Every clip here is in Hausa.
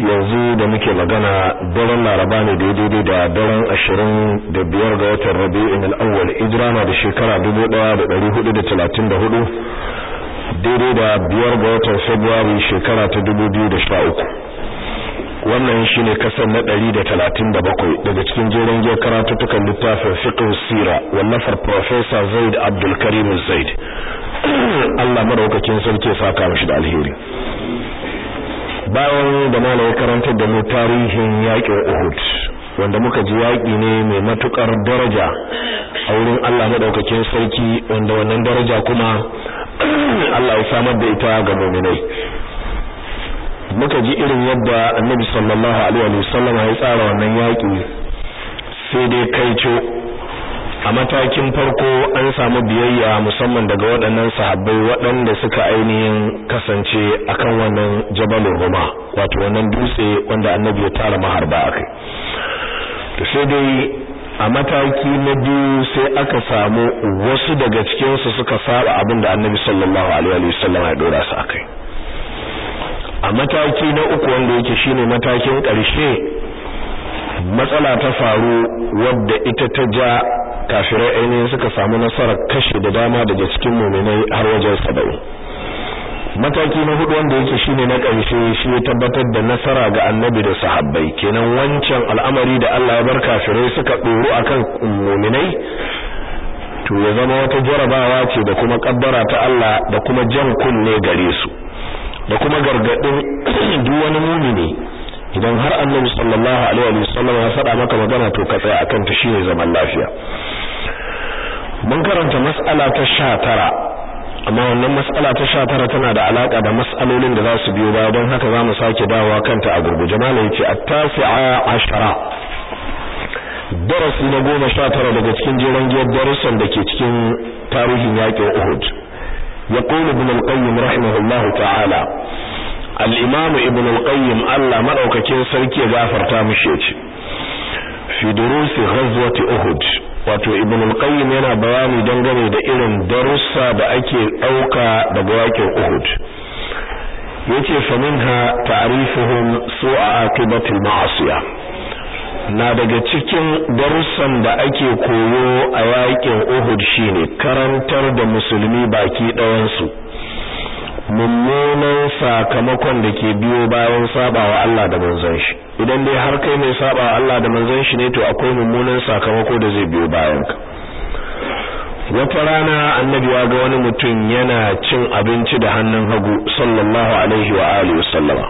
yanzu da muke magana daren laraba ne daidai da daren ashirin da biyar ga watan rabi'in al'awwal ijira na da shekara dubu daya da dari hudu da talatin da hudu daidai da biyar ga watan februari shekara ta dubu biyu da sha uku wannan shine kasan na ɗari da talatin da bakwai daga cikin jerin giyar karatuttukan littafin fiqh sira wallafar professor zaid abdulkarim zaid Allah madaukakin sarki sa saka mishi da alheri bayan da ya karantar da mu tarihin yaƙin Uhud wanda muka ji yaƙi ne mai matuƙar daraja a wurin Allah maɗaukakin sarki wanda wannan daraja kuma Allah ya samar da ita ga mu'minai muka ji irin yadda Annabi sallallahu alaihi wasallam ya tsara wannan yaƙi sai dai kaico a matakin farko an samu biyayya musamman daga waɗannan sahabbai waɗanda suka ainihin kasance akan wannan jabal ruma wato wannan dutse wanda annabi ya tara maharba kai to sai dai a mataki na biyu sai aka samu wasu daga cikinsu suka saba abin da annabi sallallahu alaihi wa sallam ya dora su a kai. a mataki na uku wanda yake shine matakin ƙarshe matsala ta faru wadda ita ta ja kafirai ainihin suka samu nasarar kashe da dama daga cikin muminai har wajen saba'i. mataki na hudu wanda yake shine na ƙarshe shi ya tabbatar da nasara ga annabi da sahabbai kenan wancan al'amari da Allah ya bar kafirai suka doro akan mu'minai to ya zama wata jarabawa ce da kuma kaddara ta Allah da kuma jan kunne gare su da kuma gargadin duk wani mumini idan har annabi sallallahu alaihi wa sallam ya saɗa maka magana to ka tsaya akan ta shine zaman lafiya mun karanta mas'ala ta 19 amma wannan mas'ala ta 19 tana da alaka da mas'alolin da za su biyo baya don haka za mu sake dawowa kanta a gurguje malai yace at-tasi'a ashara darasi na goma sha tara daga cikin jeren giyar darussan da ke cikin tarihin yaƙin Uhud ya ƙone bin alƙayyum rahimahullahu ta'ala al-imamu ibn al-qayyim Allah madaukakin sarki ya gafarta mishi ce fi durusi ghazwati uhud wato ibn al-qayyim yana bayani dangane da irin darussa da ake ɗauka daga yakin uhud yace fa minha ta'rifuhum su'a aqibati al-ma'asiya na daga cikin darussan da ake koyo a yakin Uhud shine karantar da musulmi baki su mummunan sakamakon da ke biyo bayan sabawa Allah da manzon shi idan dai har kai mai sabawa Allah da manzon shi ne to akwai mummunan sakamako da zai biyo bayan ka wata rana annabi ya ga wani mutum yana cin abinci da hannun hagu sallallahu alaihi wa alihi wasallama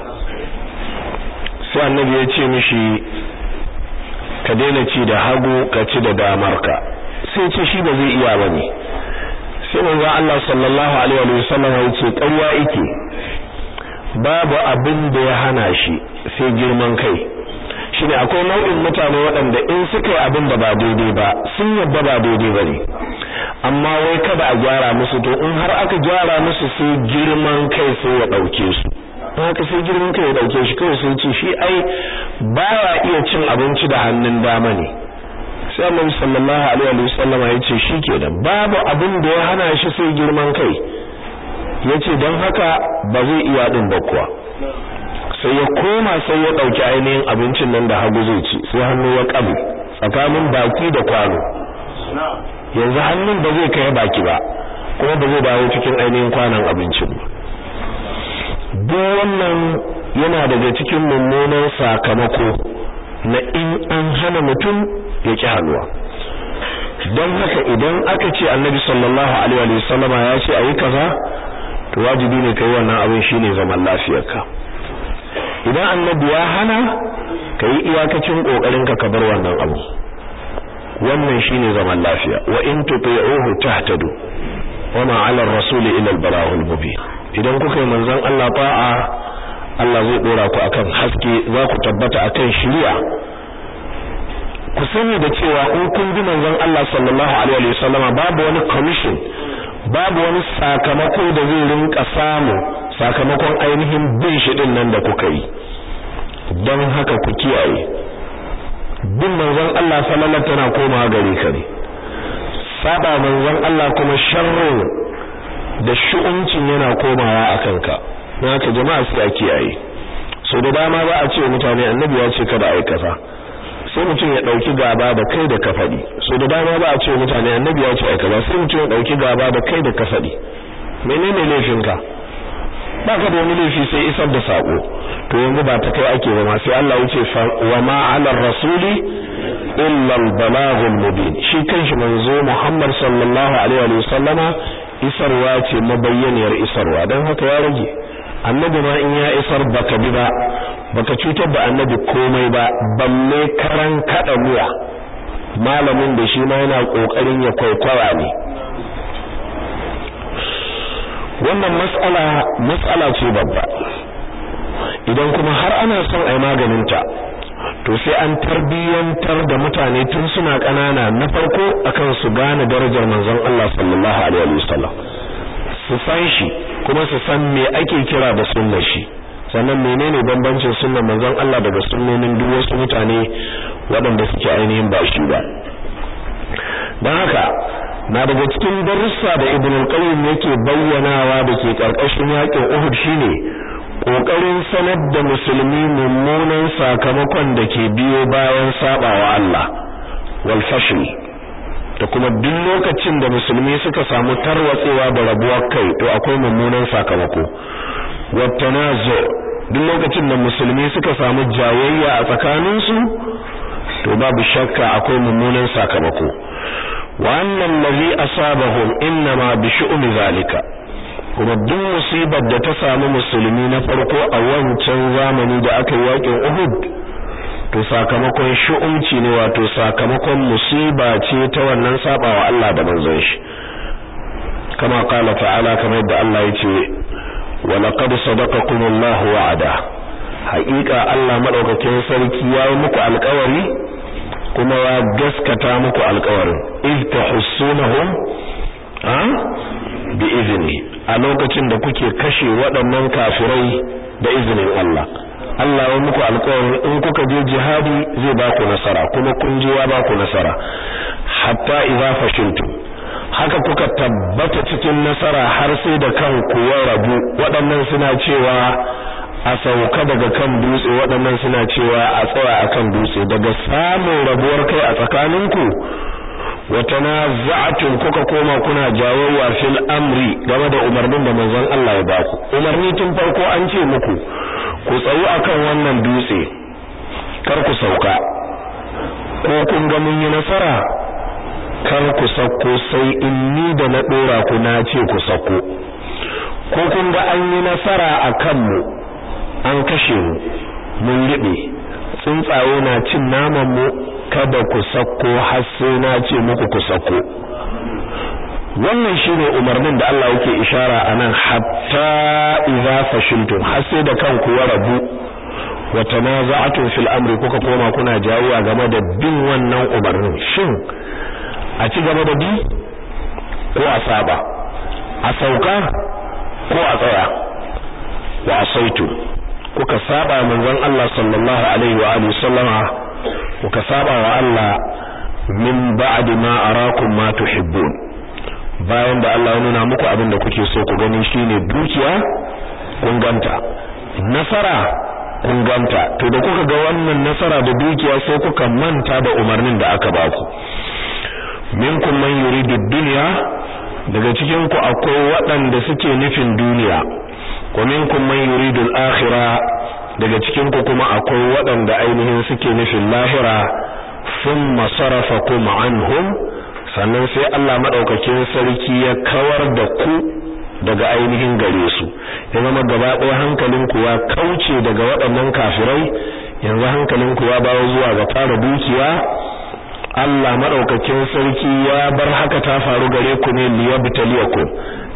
sai annabi ya ce mishi ka daina ci da hagu ka ci da damarka sai ce shi ba zai iya ba ne. sai ga Allah sallallahu alaihi wa sallam yace ƙarya yake babu abin da ya hana shi sai girman kai shine akwai nau'in mutane waɗanda in suka yi abin da ba daidai ba sun yadda ba daidai ba ne amma wai kada a gyara musu to in har aka gyara musu sai girman kai sai ya ɗauke su haka sai girman kai ya ɗauke shi kawai sai ce shi ai baya iya cin abinci da hannun dama ne sai annabi sallallahu alaihi wa sallam ya ce shi shikenan babu abin da ya hana shi sai girman kai yace don haka ba zai iya din ba kuwa sai ya koma sai ya dauki ainihin abincin nan da hagu zai ci sai hannu ya kabe tsakanin baki da kwano yanzu hannun ba zai kai baki ba kuma ba zai dawo cikin ainihin kwanon abincin ba duk wannan yana daga cikin mummunan sakamako na in an hana mutum ya ki hannuwa don haka idan aka ce annabi sallallahu alaihi wa sallama ya ce ayi kaza to wajibi ne kai wannan abin shine zaman lafiyarka idan annabi ya hana kai iyakacin kokarinka ka ka bar wannan abu wannan shine zaman lafiya wa in tuti'uhu tahtadu wama 'ala ar-rasuli illa al-balaghul mubin idan kuka yi manzon Allah ta'a Allah zai dora ku akan haske za ku tabbata akan shari'a ku sani da cewa in kun bi manzon Allah sallallahu alaihi wa sallama babu wani commission babu wani sakamako da zai rinka samu sakamakon ainihin bin shi din nan da kuka yi don haka ku kiyaye bin manzon Allah sallallahu tana komawa gare ka ne saba manzon Allah kuma sharru da shu'uncin yana komawa akan ka na haka jama'a su ya kiyaye so da dama ba a ce mutane annabi ya ce kada a yi kaza sai mutum ya dauki gaba da kai da kafadi so da dama ba a ce mutane annabi ya ce a kaza sai mutum ya dauki gaba da kai da kafadi Menene laifin ka? ba ka da wani laifi sai isar da sako to yanzu ba ta kai ake ba ma sai Allah ya ce wa ma 'ala rasuli illa al-balaghul mubin shi kanshi manzo Muhammad sallallahu alaihi wa sallama isarwa ce mabayyaniyar isarwa dan haka ya rage annabi ma in ya isar baka bi ba baka cutar da annabi komai ba balle karan kada mu. malamin da shi ma yana kokarin ya kwaikwara ne wannan mas'ala mas'ala ce babba idan kuma har ana son ai ta to sai an tarbiyantar da mutane tun suna ƙanana na farko akan su gane darajar manzon Allah sallallahu alaihi wasallam su san shi kuma su san me ake kira da sunna shi sannan menene bambancin sunna manzon Allah daga sunnonin duk wasu mutane waɗanda suke ainihin ba shi ba don haka na daga cikin darussa da ibn al-qayyim yake bayyanawa da ke karkashin yakin Uhud shine kokarin sanar da musulmi mummunan sakamakon da ke biyo bayan sabawa Allah wal fashil da kuma duk lokacin da musulmi suka samu tarwatsewa da rabuwar kai to akwai mummunan sakamako Wata na zo duk lokacin da musulmi suka samu jawayya a tsakaninsu to babu shakka akwai mummunan sakamako wannan lazi asabahum ma bi shu'mi zalika kuma duk musibar da ta samu musulmi na farko a wancan zamani da aka yi waƙin Uhud to sakamakon shu'unci ne wato sakamakon musiba ce ta wannan sabawa Allah da manzon shi kama kala ta'ala kamar yadda Allah ya ce wa laqad Allah wa'ada haƙiƙa Allah madaukakin sarki ya yi muku alƙawari kuma ya gaskata muku alƙawarin iz tahsunuhum ha bi izni a lokacin da kuke kashe waɗannan kafirai da izinin Allah Allah ya muku alƙawari in kuka je jihadi zai ba ku nasara kuma kun ji ya ba ku nasara hatta idza fashiltu haka kuka tabbata cikin nasara har sai da kanku ya rabu waɗannan suna cewa a sauka daga kan dutse waɗannan suna cewa a tsaya akan dutse daga samun rabuwar kai a tsakaninku wa tanaza'tum kuka koma kuna jawo fil amri game da umarnin da manzon Allah ya ba ku umarni tun farko an ce muku ku tsawu akan wannan dutse kar ku sauka ko kun ga mun yi nasara kar ku sauko sai in ni da na dora ku na ce ku sauko ko kun ga an yi nasara akan mu an kashe mu mun liɓe tsuntsaye na cin naman mu kada ku sako har sai na ce muku ku sako wannan shine umarnin da Allah yake ishara anan hatta idza fashiltum har sai da kanku ya rabu wa tanaza'atun fil amri kuka koma kuna jawuwa game da bin wannan umarnin shin a ci gaba da bi ko a saba a sauka ko a tsaya wa asaitu kuka saba manzon Allah sallallahu alaihi wa alihi sallama ku ka saba wa Allah min ba'di ma arakum ma tuhibbun bayan da Allah ya nuna muku abin da kuke so ku gani shine dukiya kun ganta nasara kun ganta to da kuka ga wannan nasara da dukiya sai kuka manta da umarnin da aka baku minkum man yuridu dunya daga cikin ku akwai waɗanda suke nufin duniya wa minkum man yuridu al-akhirah daga cikin ku kuma akwai waɗanda ainihin suke nufin lahira sun masarafa kuma anhum sannan sai Allah madaukakin sarki ya kawar da ku daga ainihin gare su ya zama gaba ɗaya hankalin kuwa kauce daga waɗannan kafirai yanzu hankalin ya bawo zuwa ga fara dukiya Allah madaukakin sarki ya bar haka ta faru gare ku ne liyabtaliyakum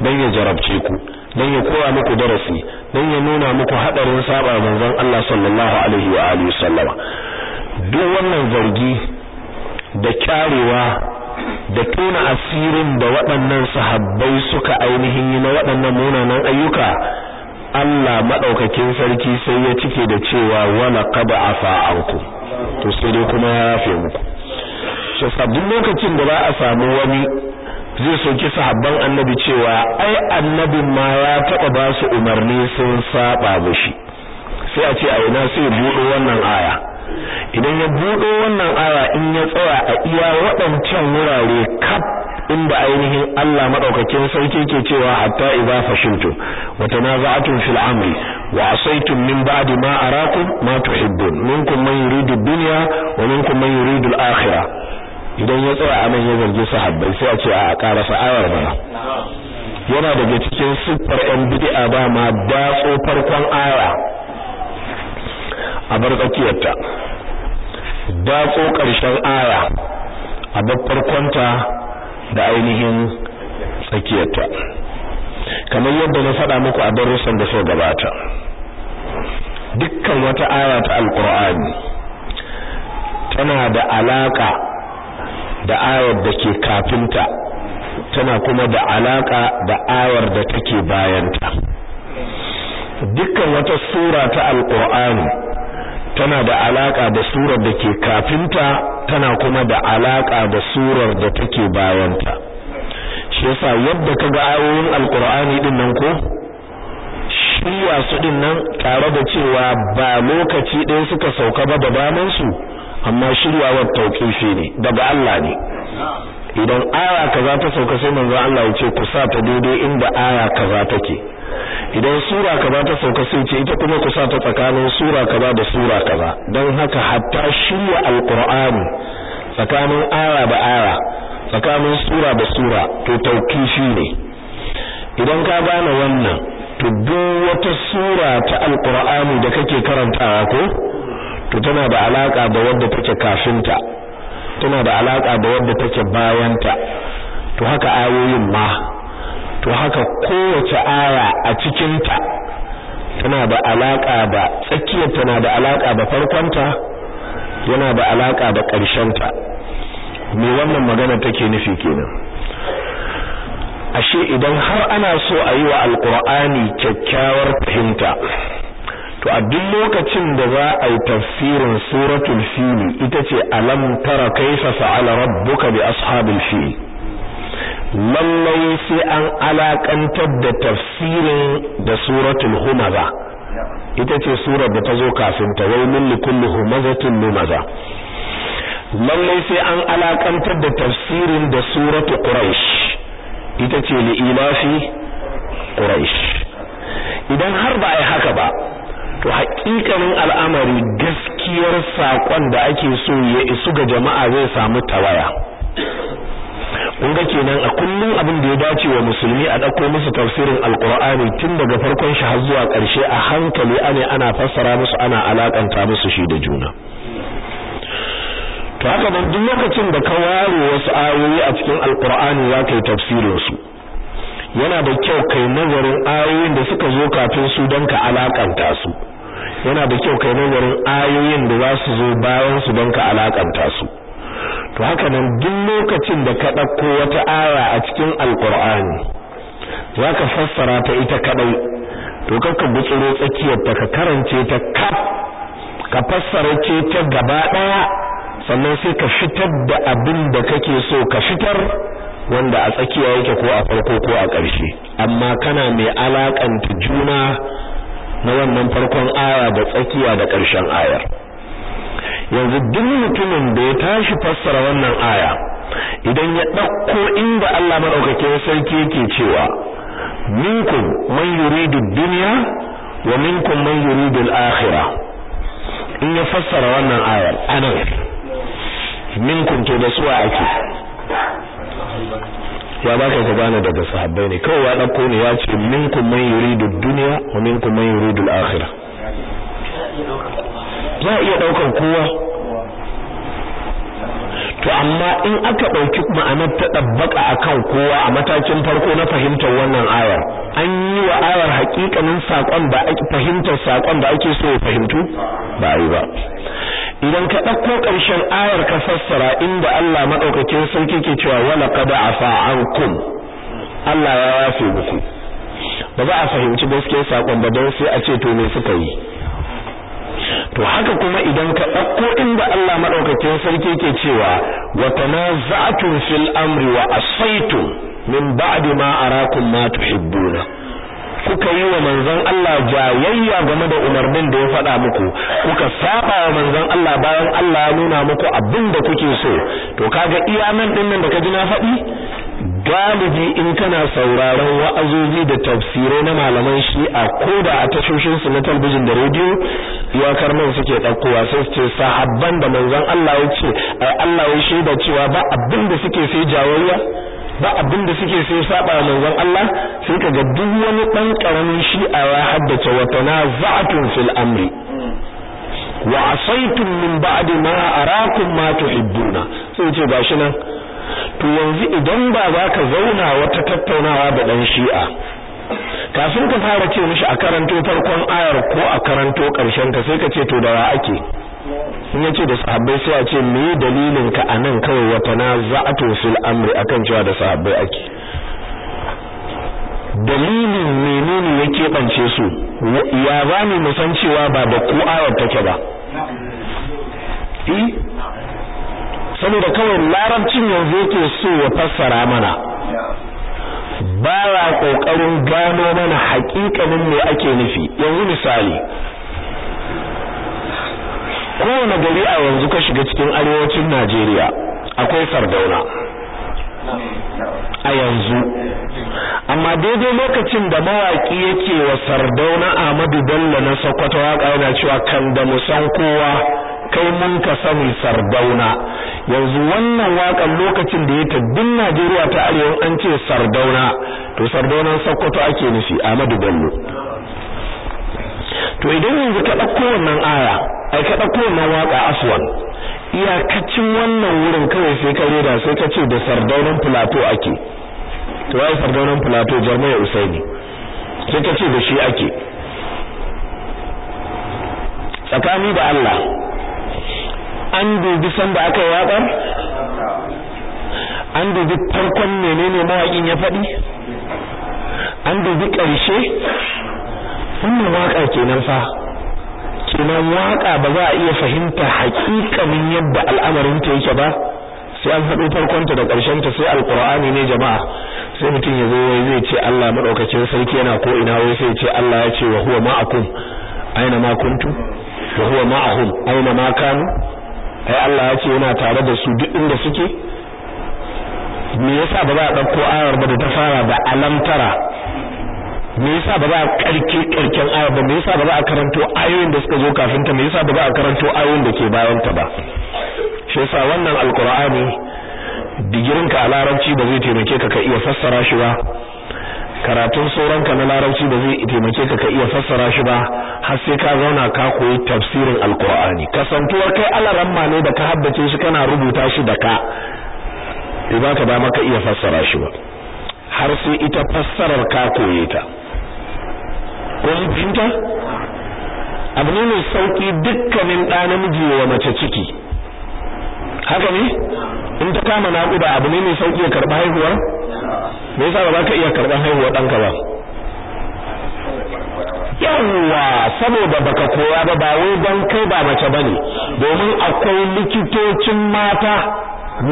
dan ya jarabce ku dan ya koya muku darasi dan ya nuna muku hadarin saba manzon Allah sallallahu alaihi wa alihi sallama duk wannan zargi da kyarewa da tona asirin da waɗannan sahabbai suka ainihin yi na waɗannan munanan ayyuka Allah madaukakin sarki sai ya cike da cewa wala qad afa anku to sai dai kuma ya yafe muku shi duk lokacin da za a samu wani zai soki sahabban annabi cewa ai annabin ma ya taba ba su umarni sun saba shi sai a ce a ina sai buɗo wannan aya idan ya buɗo wannan aya in ya tsaya a iya waɗancan wurare kaf inda ainihin Allah madaukakin sarki ke cewa hatta idza fashiltum wa tanaza'tum fil amri wa asaytum min ba'di ma arakum ma tuhibbun minkum man yuridu dunya wa minkum man yuridu al-akhirah idan ya tsaya anan ya zargi sahabbai sai a ce a ƙara sa'awar bana, yana daga cikin siffar yan bid'a ba ma farkon aya a bar tsakiyarta ƙarshen aya a bar farkonta da ainihin tsakiyarta kamar yadda na faɗa muku a darussan da suka gabata dukkan wata aya ta alqur'ani tana da alaƙa. da ayar da ke kafinta tana kuma da alaka da ayar da take bayanta dukkan wata sura ta alqur'ani tana da alaka da surar da ke kafinta tana kuma da alaka da surar da take bayanta shi yasa yadda kaga ayoyin alqur'ani din nan ko shirya su din nan tare da cewa ba lokaci ɗaya suka sauka ba da bamansu amma shiryawar tauqifi ne daga Allah ne idan aya kaza ta sauka sai manzo Allah ya ce ku sa ta daidai inda aya kaza take idan sura kaza ta sauka sai ce ita kuma ku sa ta tsakanin sura kaza da sura kaza don haka hatta shirya alquran tsakanin aya da aya tsakanin sura da sura to tauqifi ne idan ka gane wannan to duk wata sura ta alqur'ani da kake karantawa ko to tana da alaka da wadda take kafinta tana da alaka da wadda take bayanta to haka ayoyin ma to haka kowace aya a cikinta tana da alaka da tsakiyar tana da alaka da farkonta yana da alaka da ta. me wannan magana take nufi kenan ashe idan har ana so a yi wa alkur'ani kyakkyawar fahimta to a duk lokacin da za a yi tafsirin suratul fili ita ce alam tara kaifa fa'ala rabbuka bi ashabil fili lallai sai an alakantar da tafsirin da suratul humaza ita ce surar da ta zo kafin ta wailul likulli humazatin lumaza lallai sai an alakantar da tafsirin da suratul quraish ita ce li'ilafi quraish idan har ba ai haka ba to haƙiƙanin al'amari gaskiyar saƙon da ake so ya isu ga jama'a zai samu tawaya kun ga kenan a kullum abin da ya dace wa musulmi a ɗauko musu tafsirin alƙur'ani tun daga farkon shi har zuwa ƙarshe a hankali ane ana fassara musu ana alakanta musu shi da juna to haka da duk lokacin da ka ware wasu ayoyi a cikin alqur'ani za ka yi tafsirin su yana da kyau kai nazarin ayoyin da suka zo kafin su don ka alakanta su yana da kyau kai nazarin ayoyin da za su zo bayan su don ka alakanta su to haka nan duk lokacin da ka ɗauko wata aya a cikin alkur'ani za ka fassara ta ita kaɗai to kaka butsuro tsakiyar ta ka karance ta ka ka fassara ce ta gaba daya sannan sai ka fitar da abin da kake so ka fitar wanda a tsakiya yake ko a farko ko a ƙarshe amma kana mai alakanta juna na wannan farkon aya da tsakiya da ƙarshen ayar yanzu duk mutumin da ya tashi fassara wannan aya idan ya ɗauko inda Allah ya sarki yake cewa minkum man yuridu dunya wa minkum man yuridu al-akhirah in ya fassara wannan ayar anan minkum to da suwa ake ya ba ka gabana daga sahabbai ne kawai ya dauko ne ya ce minkum man yuridu dunya wa minkum man yuridu al-akhirah ya iya daukar kowa to amma in aka dauki ma'anar ta dabbaka akan kowa a matakin farko na fahimtar wannan ayar an yi wa ayar hakikanin sakon da ake fahimtar sakon da ake so ya fahimtu ba yi ba idan ka ɗauko ƙarshen ayar ka fassara inda Allah maɗaukakin sarki ke cewa wala qad afa ankum Allah ya yafe muku ba za a fahimci gaskiyar sakon ba don sai a ce to me suka yi to haka kuma idan ka ɗauko inda Allah maɗaukakin sarki ke cewa wa tanaza'tum fil amri wa asaitum min ba'di ma arakum ma tuhibbuna kuka yi wa manzon Allah jayayya game da umarnin da ya faɗa muku kuka saba wa manzon Allah bayan Allah ya nuna muku abin da kuke so to kaga iya nan din nan da kaji na faɗi galibi in kana sauraron wa'azoji da tafsirai na malaman shi'a ko da a tashoshin su na talbijin da rediyo ya suke ɗaukowa sai su ce sahabban da manzon Allah ya ce ai Allah ya shaida cewa ba abin da suke sai jawayya ba abin da suke sai saba manzon Allah sai ga duk wani dan karamin shi'a ya haddace na tanaza'atun fil amri wa asaitum min ba'di ma arakum ma tuhibbuna sai ce gashi nan to yanzu idan ba za ka zauna wata tattaunawa da dan shi'a kafin ka fara ce mishi a karanto farkon ayar ko a karanto karshen ta sai ka ce to da wa ake in yace da sahabbai sai a ce me dalilin ka anan kawai wata na za'atu fil amri akan cewa da sahabbai ake dalilin menene ya keɓance su ya bani musancewa cewa ba da ku ayar take ba eh? saboda kawai larabcin yanzu yake so ya fassara mana ba ya kokarin gano mana hakikanin me ake nufi yanzu misali kowane gari a yanzu ka shiga cikin arewacin Najeriya akwai sardauna a yanzu amma daidai lokacin da mawaki yake wa sardauna Ahmadu Bello na Sokoto waka yana cewa kan da musan kowa kai mun ka sani sardauna yanzu wannan wakan lokacin da ya ta Najeriya ta arewa an ce Sardauna to Sardaunan Sokoto ake nufi Ahmadu Bello to idan yanzu ka dauko wannan aya ai ka dauko wannan waka iya iyakacin wannan wurin kawai sai ka reda sai ka ce da Sardaunan Plateau ake to ai Sardaunan Plateau Jarmai Usaini sai ka ce da shi ake tsakani da Allah an dubi sanda aka yi waƙar an dubi farkon menene mawaƙin ya faɗi an dubi ƙarshe wannan waƙa kenan fa kenan waƙa ba za a iya fahimta haƙiƙanin yadda al'amarin ta yake ba sai an farkon ta da ta sai alƙur'ani ne jama'a sai mutum ya zo wai zai ce Allah madaukakin sarki yana ko ina wai sai ce Allah ya ce wa huwa ma'akum aina ma kuntu wa huwa ma'ahum aina ma kanu ai Allah ya ce yana tare da su duk inda suke me yasa ba za a dauko ayar ba da ta fara da alamtara me yasa ba za a karke karken ayar ba me yasa ba za a karanto ayoyin da suka zo kafin ta me yasa ba za a karanto ayoyin da ke bayan ta ba shi yasa wannan alqur'ani digirin ka a larabci ba zai taimake ka ka iya fassara shi ba karatun sauranka na larabci ba zai taimake ka ka iya fassara shi ba har sai ka zauna ka koyi tafsirin alqur'ani kasantuwar kai alaramma ne da ka haddace shi kana rubuta shi da ka bai baka dama ka iya fassara shi ba har sai ita fassarar ka koye ta ko fahimta abu ne mai sauki dukkanin ɗa namiji wa mace ciki haka ne in ta kama naƙuda abu ne mai sauƙi ya karɓa haihuwa me yasa ba za ka iya karɓar haihuwa ɗanka ba yawwa saboda baka koya ba ba wai dan kai ba mace bane domin akwai likitocin mata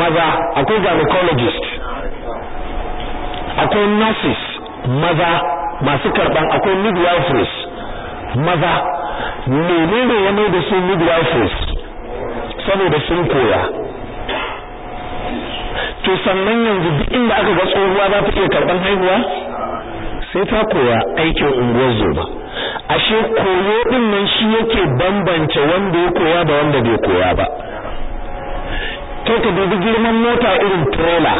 maza akwai gynecologist akwai nurses maza masu karban akwai midwiferys maza menene ya mai da su midwiferys saboda sun koya to sannan yanzu duk inda aka ga tsohuwa za ta iya karban haihuwa sai ta koya aikin unguwar zoba ashe koyo din nan shi yake bambance wanda ya koya da wanda bai koya ba kai ka dubi girman mota irin trailer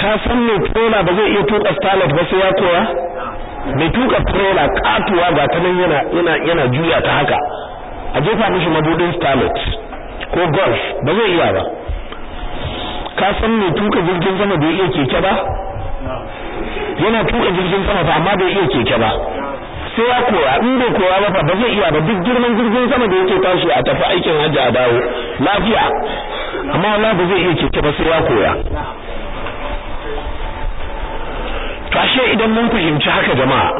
ka san mai trailer ba zai iya tuka starlet ba sai ya koya mai tuka trailer katuwa ga ta nan yana juya ta haka a jefa mishi mabudin starlet ko golf ba zai iya ba ka san mai tuka jirgin sama bai iya keke ba yana tuka jirgin sama fa amma bai iya keke ba sai ya koya in bai koya ba fa ba zai iya ba duk girman jirgin sama da yake tashi a tafi aikin hajji a dawo lafiya amma wala ba zai iya keke ba sai ya koya to idan mun fahimci haka jama'a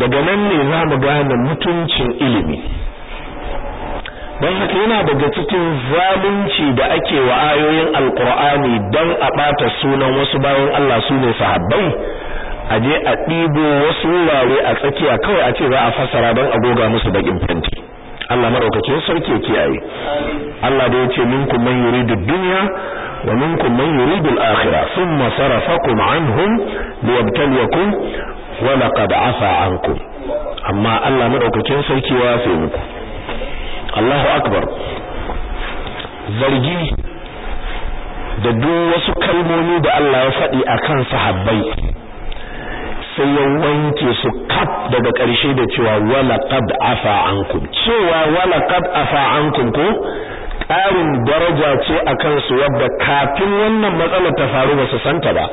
daga nan ne za mu gane mutuncin ilimi don haka yana daga cikin zalunci da ake wa ayoyin alkur'ani don a ɓata sunan wasu bayan Allah su ne sahabbai a je a ɗibo wasu wurare a tsakiya kawai a ce za a fassara don a goga musu baƙin fanti. Allah maɗaukakin sarki kiyaye Allah da ya ce minkum man yuridu dunya wa minkum man yuridu al-akhirah thumma sarafakum anhum liyabtaliyakum wa laqad afa ankum amma Allah maɗaukakin sarki ya yafe muku Allahu akbar zargi da duk wasu kalmomi da Allah ya faɗi akan sahabbai sai ya wanke su kaf daga ƙarshe da cewa wala afa ankum cewa wala qad afa ankum ko ƙarin daraja ce akan su wadda kafin wannan matsala ta faru ba su santa ba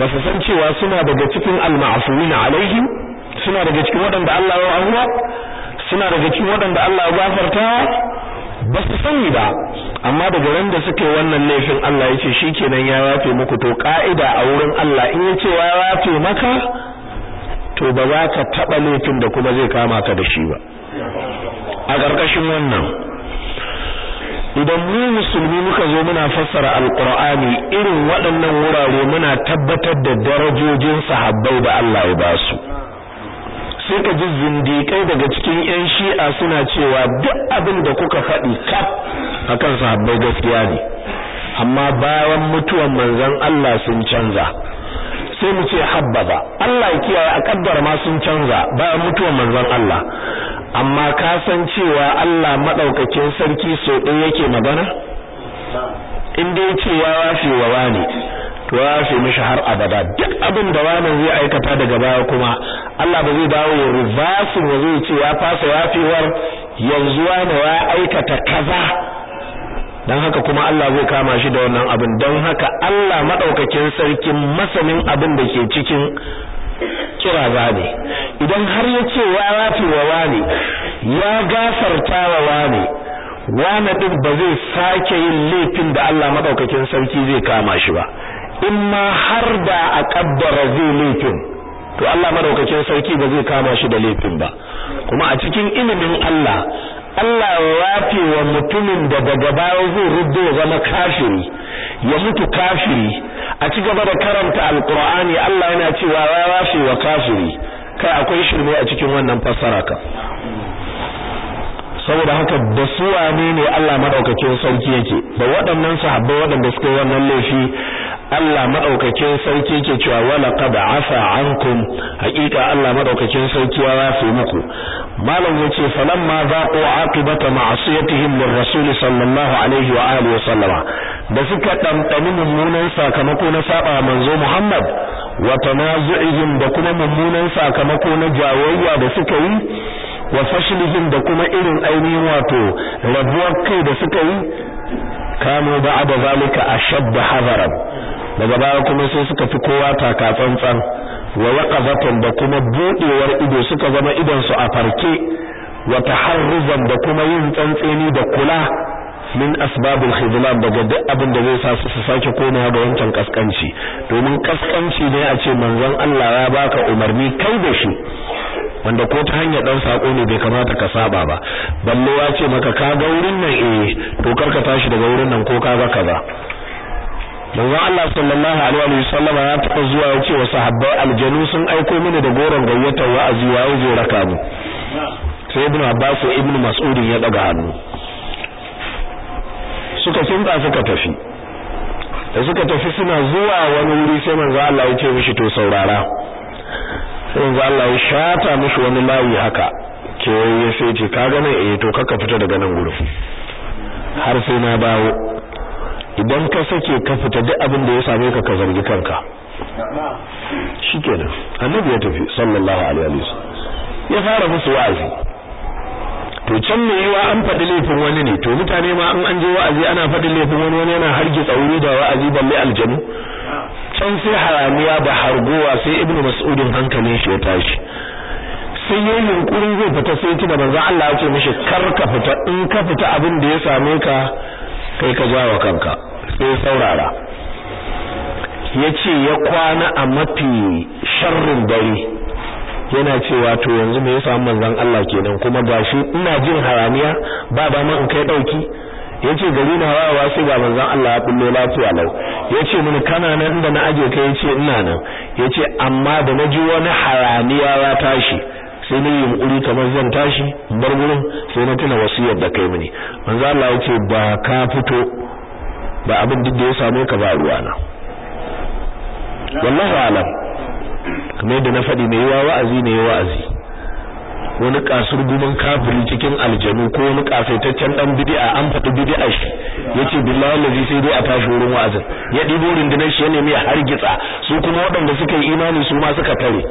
ba su san cewa suna daga cikin al-ma'fuwina alaihim suna daga cikin waɗanda Allah ya ahuwa suna daga cikin waɗanda Allah ya gafarta ba su sani ba amma daga ran da suke wannan laifin Allah ya ce shikenan ya wafe muku to ka'ida a wurin Allah in ya ce ya wafe maka to ba za ka taɓa laifin da kuma zai kama ka da shi ba a ƙarƙashin wannan idan mu musulmi muka zo muna fassara alqur'ani irin waɗannan wurare muna tabbatar da darajojin sahabbai da Allah ya basu sai ka ji zindikai daga cikin yan shi'a suna cewa duk abin da kuka faɗi kaf akan sahabbai gaskiya ne amma bayan mutuwan manzon Allah sun canza sai mu ce habbaba Allah ya kiyaye a kaddar ma sun canza bayan mutuwan manzon Allah amma ka san cewa Allah madaukakin sarki so ɗaya yake magana in dai ce ya wa wani to mishi har abada duk abin da wani zai aikata daga baya kuma Allah ba zai dawo ya rubasu ba zai ce ya fasa yafewar yanzu wani ya aikata kaza dan haka kuma Allah zai kama shi da wannan abin dan haka Allah madaukakin sarkin masanin abin da ke cikin kira ne idan har ya ce ya yafe wa wani ya gafarta wa wani wani din ba zai sake yin laifin da Allah madaukakin sarki zai kama shi ba in ma har da a kaddara zai laifin to Allah madaukakin sarki ba zai kama shi da laifin ba kuma a cikin ilimin Allah Allah ya wafe wa mutumin da daga baya zai rubo zama kafiri ya mutu kafiri a ci gaba da karanta alkur'ani Allah yana cewa ya wafe wa kafiri kai akwai shirme a cikin wannan fassara ka saboda haka da su wane ne Allah madaukakin sarki yake da waɗannan sahabbai waɗanda suka yi wannan laifi Allah maɗaukakin sauki ke cewa wala qad afa ankum hakika Allah madaukakin sauki ya muku malam yace falamma zaqu aqibata ma'siyatihim lirrasul sallallahu alaihi wa alihi wa sallama da suka ɗanɗani mummunan sakamako na saba manzo Muhammad wa tanazu'ihim da kuma mummunan sakamako na jawayya da suka yi wa fashlihim da kuma irin ainihin wato rabuwar kai da suka yi kamo ba'da zalika ashadd hadaran daga baya kuma sai suka fi kowa taka tsantsan wa waqazatan da kuma budewar ido suka zama idan su a farke wa taharruzan da kuma yin tsantseni da kula min asbabul khidlan daga duk abin da zai sa su su sake komawa ga wancan kaskanci domin kaskanci ne a ce manzon Allah ya baka umarni kai da shi wanda ko ta hanyar dan sako ne bai kamata ka saba ba balle ya ce maka ka ga wurin nan eh to karka tashi daga wurin nan ko ka ga kaza manzon Allah sallallahu alaihi wa sallam ya taɓa zuwa ya ce wa sahabbai aljanu sun aiko mini da goron gayyatar wa'azi yau zai raka mu sai Ibn abbas Ibn mas'ud ya daga hannu suka kinta suka tafi da suka tafi suna zuwa wani wuri sai manzo Allah ya ce mishi to saurara sai manzo Allah ya shata mishi wani layi haka ke ya sai ce ka ga nan eh to kaka fita daga nan gurin har sai na dawo idan ka sake ka fita duk abin da ya same ka ka zargi kanka shikenan annabi ya tafi sallallahu alaihi wasallam ya fara musu wa'azi to can me yawa an faɗi laifin wani ne to mutane ma an je wa'azi ana faɗi laifin wani wani yana harge tsauri da wa'azi balle aljanu can sai haramiya da hargowa sai ibnu mas'udin hankalin shi ya tashi sai yayin yunkurin zai fita sai da manzo Allah ya ce mishi kar ka fita in ka fita abin da ya same ka kai ka jawa kanka sai saurara yace ya kwana a mafi sharrin dare yana cewa to yanzu me yasa manzan Allah kenan kuma gashi ina jin haramiya ba ba ma in kai dauki yace gari na wawa sai ga manzan Allah ya kullo lafiya lau yace mini kana nan inda na aje kai yace ina nan yace amma da na ji wani haramiya ya tashi sai na yi yunkuri kamar zan tashi bar gurin sai na tuna wasiyar da kai mini manzo Allah yake ba ka fito ba abin duk da ya same ka ba ruwa na wallahi alam kamar yadda na faɗi mai wa'azi ne wa'azi wani kasur guman kafiri cikin aljanu ko wani kafaitaccen dan bid'a an fata bid'a shi yace billahi allazi sai dai a tashi wurin wa'azin ya dibo rundunar shi ya nemi ya hargitsa su kuma waɗanda suka yi imani su ma suka tare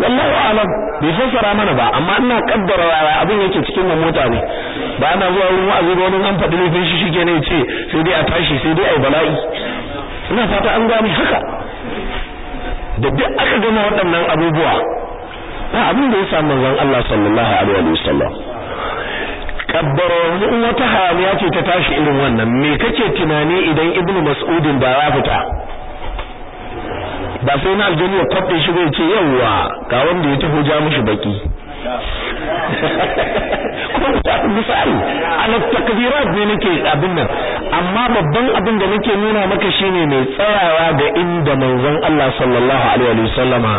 wallahu alam bai fassara mana ba amma ina kaddara wa abin yake cikin mu mota ne ba na zuwa wurin wa'azi ba wani an faɗi laifin shi shike ne yace sai dai a tashi sai dai ai bala'i ina fata an gani haka da duk aka gama waɗannan abubuwa ba abin da ya samu manzon Allah sallallahu alaihi wa sallam in wata hayaniya ce ta tashi irin wannan me kake tunani idan ibnu mas'udin ba ya fita ba sai na aljani ya kwafe shi zai ce yawwa ga wanda ya taho ja mushi baki misali ana takbirat ne nake abin nan amma babban abin da nake nuna maka shine mai tsayawa ga inda manzon Allah sallallahu alaihi wasallama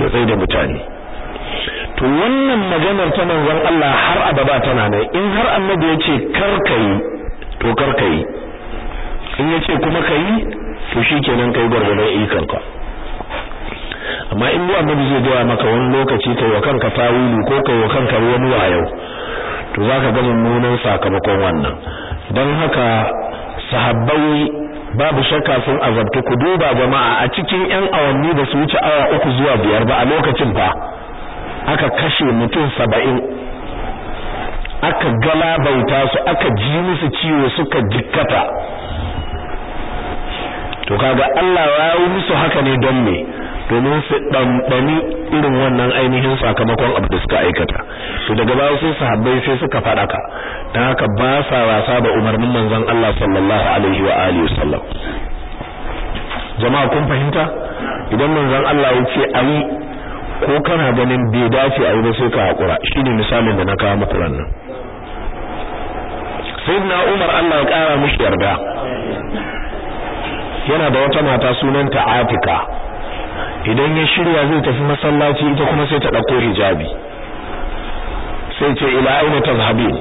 ya tsaye da mutane to wannan maganar ta manzon Allah har abada tana ne in har annabi ya ce kar to kar in ya ce kuma kai to shi kenan kai gurgurdan ka amma in ruwa annabi zai gaya maka wani lokaci kai wa kanka tawilu ko kai wa kanka wani wayo to zaka ga mummunan sakamakon wannan dan haka sahabbai babu shakka sun azabtu ku duba jama'a a cikin yan awanni da su wuce awa uku zuwa biyar ba a lokacin ba aka kashe mutum saba'in aka galabauta su aka ji musu ciwo suka jikkata to kaga Allah ya yi musu haka ne don me domin su ɗanɗani irin wannan ainihin sakamakon abu da suka aikata to daga baya sai sahabbai sai suka ka ka haka ba sa wasa da umarnin manzon Allah sallallahu alaihi wa alihi wasallam jama'a kun fahimta idan manzon Allah ya ce ayi ko kana ganin bai dace ayi ba sai ka hakura shine misalin da na kawo muku ran sayyidina Umar Allah ya kara mushi yarda yana da wata mata sunanta Atika idan ya shirya zai tafi masallaci ita kuma sai ta dauko hijabi sai ce ila aina tazhabin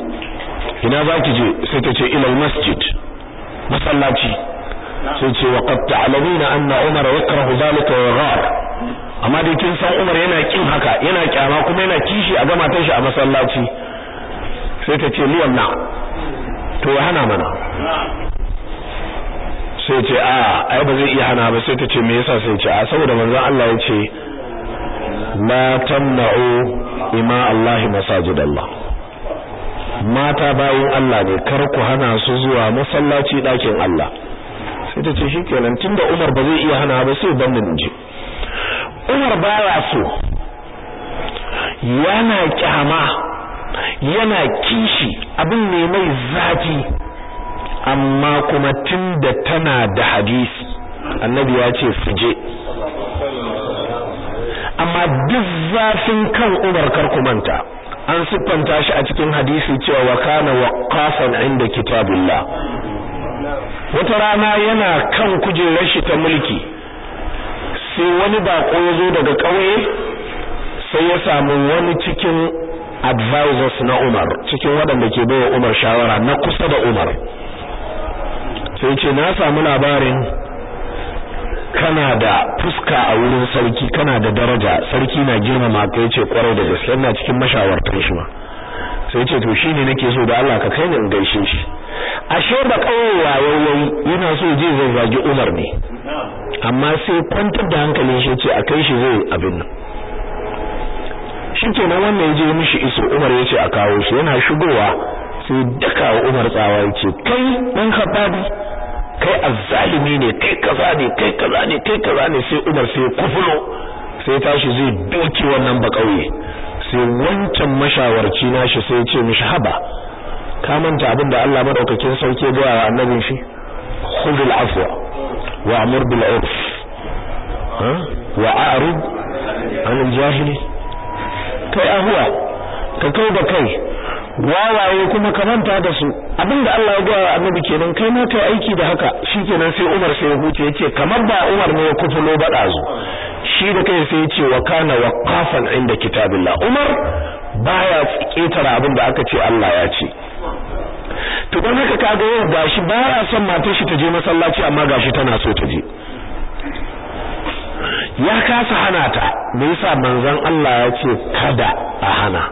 ina zaki je sai ta ce ila masjid masallaci sai ce wa qad anna umar yakrahu zalika wa yaghar amma dai kin san umar yana kin haka yana kyama kuma yana kishi a gama tashi a masallaci sai ta ce liyan na to hana mana sai ce a ai ba zai iya hana ba sai ta ce me yasa sai ce a saboda manzon Allah ya ce la tamna'u ima Allah masajid Allah mata bayin Allah ne kar ku hana su zuwa masallaci ɗakin Allah sai ta ce shikenan tunda Umar ba zai iya hana ba sai ban mun je Umar baya so yana kyama yana kishi abin ne mai zafi amma kuma tun da tana da hadisi annabi ya ce su je amma duk zafin kan umar kar manta an siffanta shi a cikin hadisi cewa wa kana waqafan inda kitabillah wata rana yana kan kujerar shi ta mulki sai wani bako ya zo daga ƙauye sai ya samu wani cikin advisors na Umar cikin waɗanda ke baiwa Umar shawara na kusa da Umar sai ce na samu labarin kana da fuska a wurin sarki kana da daraja sarki na girmama ka yace kwarai da gaske na cikin mashawartar shi ma sai ce to shine nake so da Allah ka kai ni in gaishe shi ashe ba kawai yayyayi yana so je zai zagi Umar ne amma sai kwantar da hankalin shi yace a kai shi zai abin nan na wannan yaje mishi iso Umar yace a kawo shi yana shigowa sai daka wa Umar tsawa yace kai dan Khattabi kai azzalimi ne kai kaza ne kai kaza ne kai kaza ne sai Umar sai kufulo sai tashi zai doke wannan bakauye sai wancan mashawarci nashi sai ce mishi haba ka manta abin da Allah madaukakin sauke ga a annabin shi khudh afwa wa amur bil urf wa a'rid jahili kai ahwa ka kai da kai wawaye kuma ka manta da su abinda Allah ya gaya annabi kenan kai ma kai aiki da haka shikenan sai Umar sai ya huce yace kamar ba Umar ne ya kufulo ba dazu shi da kai sai yace wa kana waqafan inda kitabillah Umar baya ketara abinda aka ce Allah ya ce to don haka kaga yau gashi baya son matar shi ta je masallaci amma gashi tana so ta je ya kasa hana ta me yasa manzon Allah ya ce kada a hana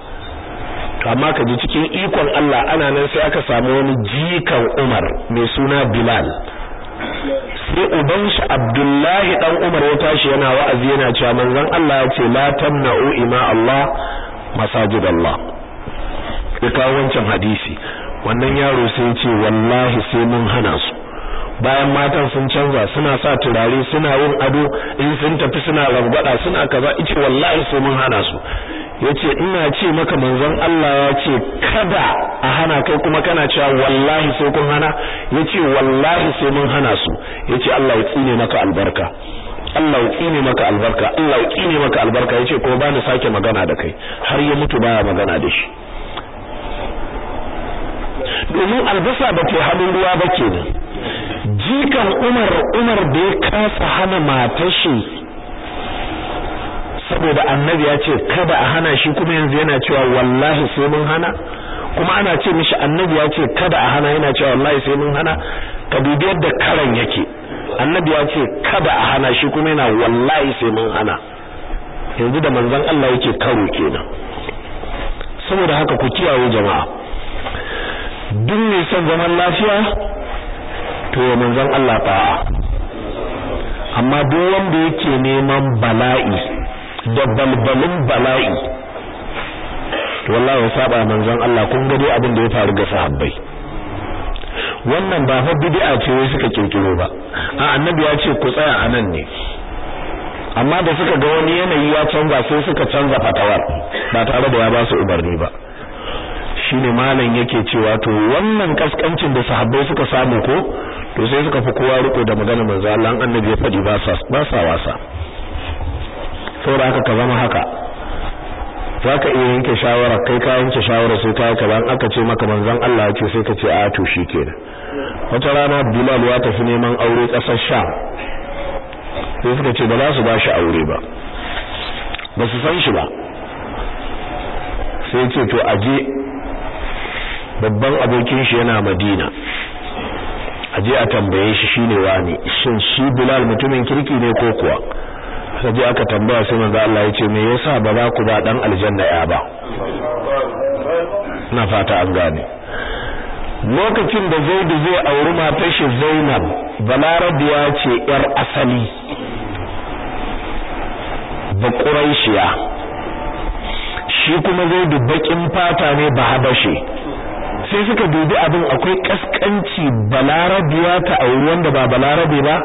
Kama amma ka ji cikin ikon Allah ana nan sai aka samu wani jikan Umar mai suna Bilal sai uban shi Abdullahi dan Umar ya tashi yana wa'azi yana cewa manzon Allah ya ce la tamna'u ima Allah masajid Allah ya kawo wancan hadisi wannan yaro sai ya ce wallahi sai mun hana su bayan matan sun canza suna sa turare suna yin ado in sun tafi suna rabgada suna kaza ice wallahi sai mun hana su yace ina ce maka manzon Allah ya ce kada a hana kai kuma kana cewa wallahi sai kun hana yace wallahi sai mun hana su yace Allah ya tsine maka albarka Allah ya tsine maka albarka Allah ya tsine maka albarka yace ko bani sake magana da kai har ya mutu baya magana da shi domin albasa ba ke halin ruwa ba kenan jikan Umar Umar da ya kasa hana matashi saboda annabi ya ce kada a hana shi kuma yanzu yana cewa wallahi sai mun hana kuma ana ce mishi annabi ya ce kada a hana yana cewa wallahi sai mun hana ka dubi yadda karan yake annabi ya ce kada a hana shi kuma yana wallahi sai mun hana yanzu da manzon Allah yake karo kenan saboda haka ku kiyaye jama'a duk mai son zaman lafiya to manzon Allah ta amma duk wanda yake neman bala'i da balbalin bala'i wallahi ya saba manzon Allah kun ga dai abin da ya faru ga sahabbai wannan ba fa bid'a ce wai suka kirkiro ba a annabi ya ce ku tsaya anan ne amma da suka ga wani yanayi ya canza sai suka canza fatawar ba tare da ya ba su umarni ba shine malam yake cewa to wannan kaskancin da sahabbai suka samu ko to sai suka fi kowa riko da magana manzo Allah annabi ya fadi ba sa ba sa wasa saboda haka ka zama haka za ka iya yanke shawara kai ka yanke shawara sai ka yi kaza aka ce maka manzan Allah ce sai ka ce a to ke wata rana Bilal ya tafi neman aure kasar sha sai suka ce ba za su ba shi aure ba ba su san shi ba sai ce to aje babban abokin shi yana Madina aje a tambaye shi shine wani shin shi Bilal mutumin kirki ne ko kuwa sai aka tambaya sai manzo Allah ya ce me yasa ba za ku ba dan aljanna ya ba na fata an gane lokacin da zaidu zai auri matar shi zainab ya ce yar asali ba quraishiya shi kuma zaidu bakin fata ne ba habashe sai suka dubi abin akwai kaskanci balarabiya ta auri wanda ba balarabe ba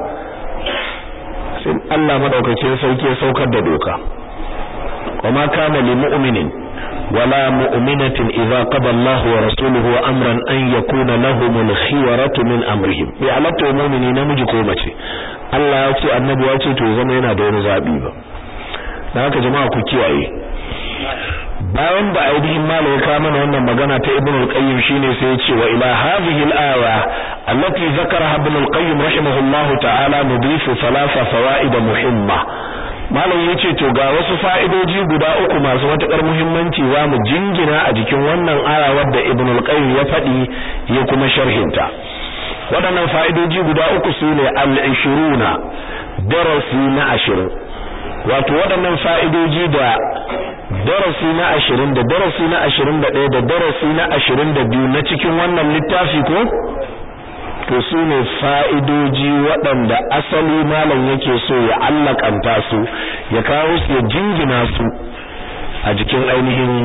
sai Allah madaukake sauke saukar da doka kuma kana lil mu'minin wala mu'minatin idza qada Allahu wa rasuluhu amran an yakuna al khiyaratu min amrihim bi alatu mu'mini namiji ko mace Allah ya ce annabi ya ce to zama yana da wani zabi ba dan haka jama'a ku kiyaye bayan da ainihin malai ka mana wannan magana ta ibn al-qayyim shine sai ya ce wa ila hadhihi al-aya allati zakaraha ibn al-qayyim rahimahullahu ta'ala mudifu thalatha fawaid muhimma malam ya ce to ga wasu fa'idoji guda uku masu matakar muhimmanci za mu jingina a jikin wannan aya wadda ibn al-qayyim ya faɗi ya kuma sharhinta waɗannan fa'idoji guda uku su ne al ishruna darasi na ashirin wato waɗannan fa'idoji da darasi na ashirin da darasi na ashirin da ɗaya da darasi na ashirin da biyu na cikin wannan littafi ko to su ne fa'idoji waɗanda asali malam yake so ya allakanta su ya kawo su ya jingina su a jikin ainihin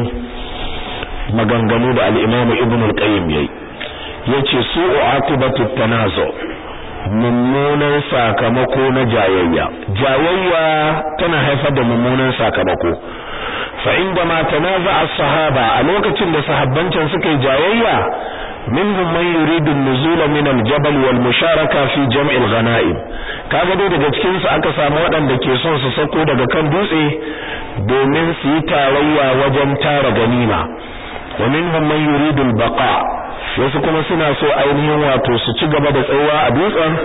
maganganu da al'imamu ibn al-qayyim yayi yace su'u aqibatu tanazu mummunan sakamako na jayayya jayayya tana haifar da mummunan sakamako fa inda ma tanaza as-sahaba a lokacin da sahabbancin suka yi jayayya minhum man yuridu an-nuzul min al-jabal wal musharaka fi jam'i al-ghanaim kaga dai daga cikin su aka samu waɗanda ke son su sako daga kan dutse domin su yi tarayya wajen tara ganima wa minhum man yuridu al-baqa wasu kuma suna so ainihin wato su ci gaba da tsawa a dutsen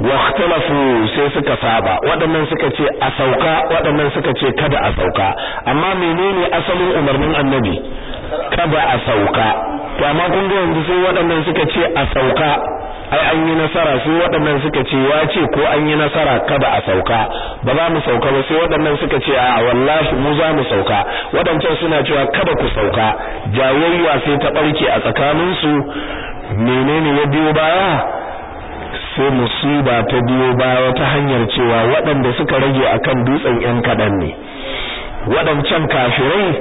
واختلفوا sai suka saba waɗannan suka ce a sauka waɗannan suka ce kada a sauka amma menene asalin umarnin annabi kada a sauka to amma kun ga yanzu sai waɗannan suka ce a sauka ai an yi nasara sai waɗannan suka ce ya ce ko an yi nasara kada a sauka ba za mu sauka ba sai waɗannan suka ce a wallahi mu za mu sauka waɗancan suna cewa kada ku sauka jayayya sai ta ɓarke a tsakaninsu menene ya biyo baya sai musiba ta biyo baya ta hanyar cewa waɗanda suka rage akan dutsen 'yan kaɗan ne waɗancan kafirai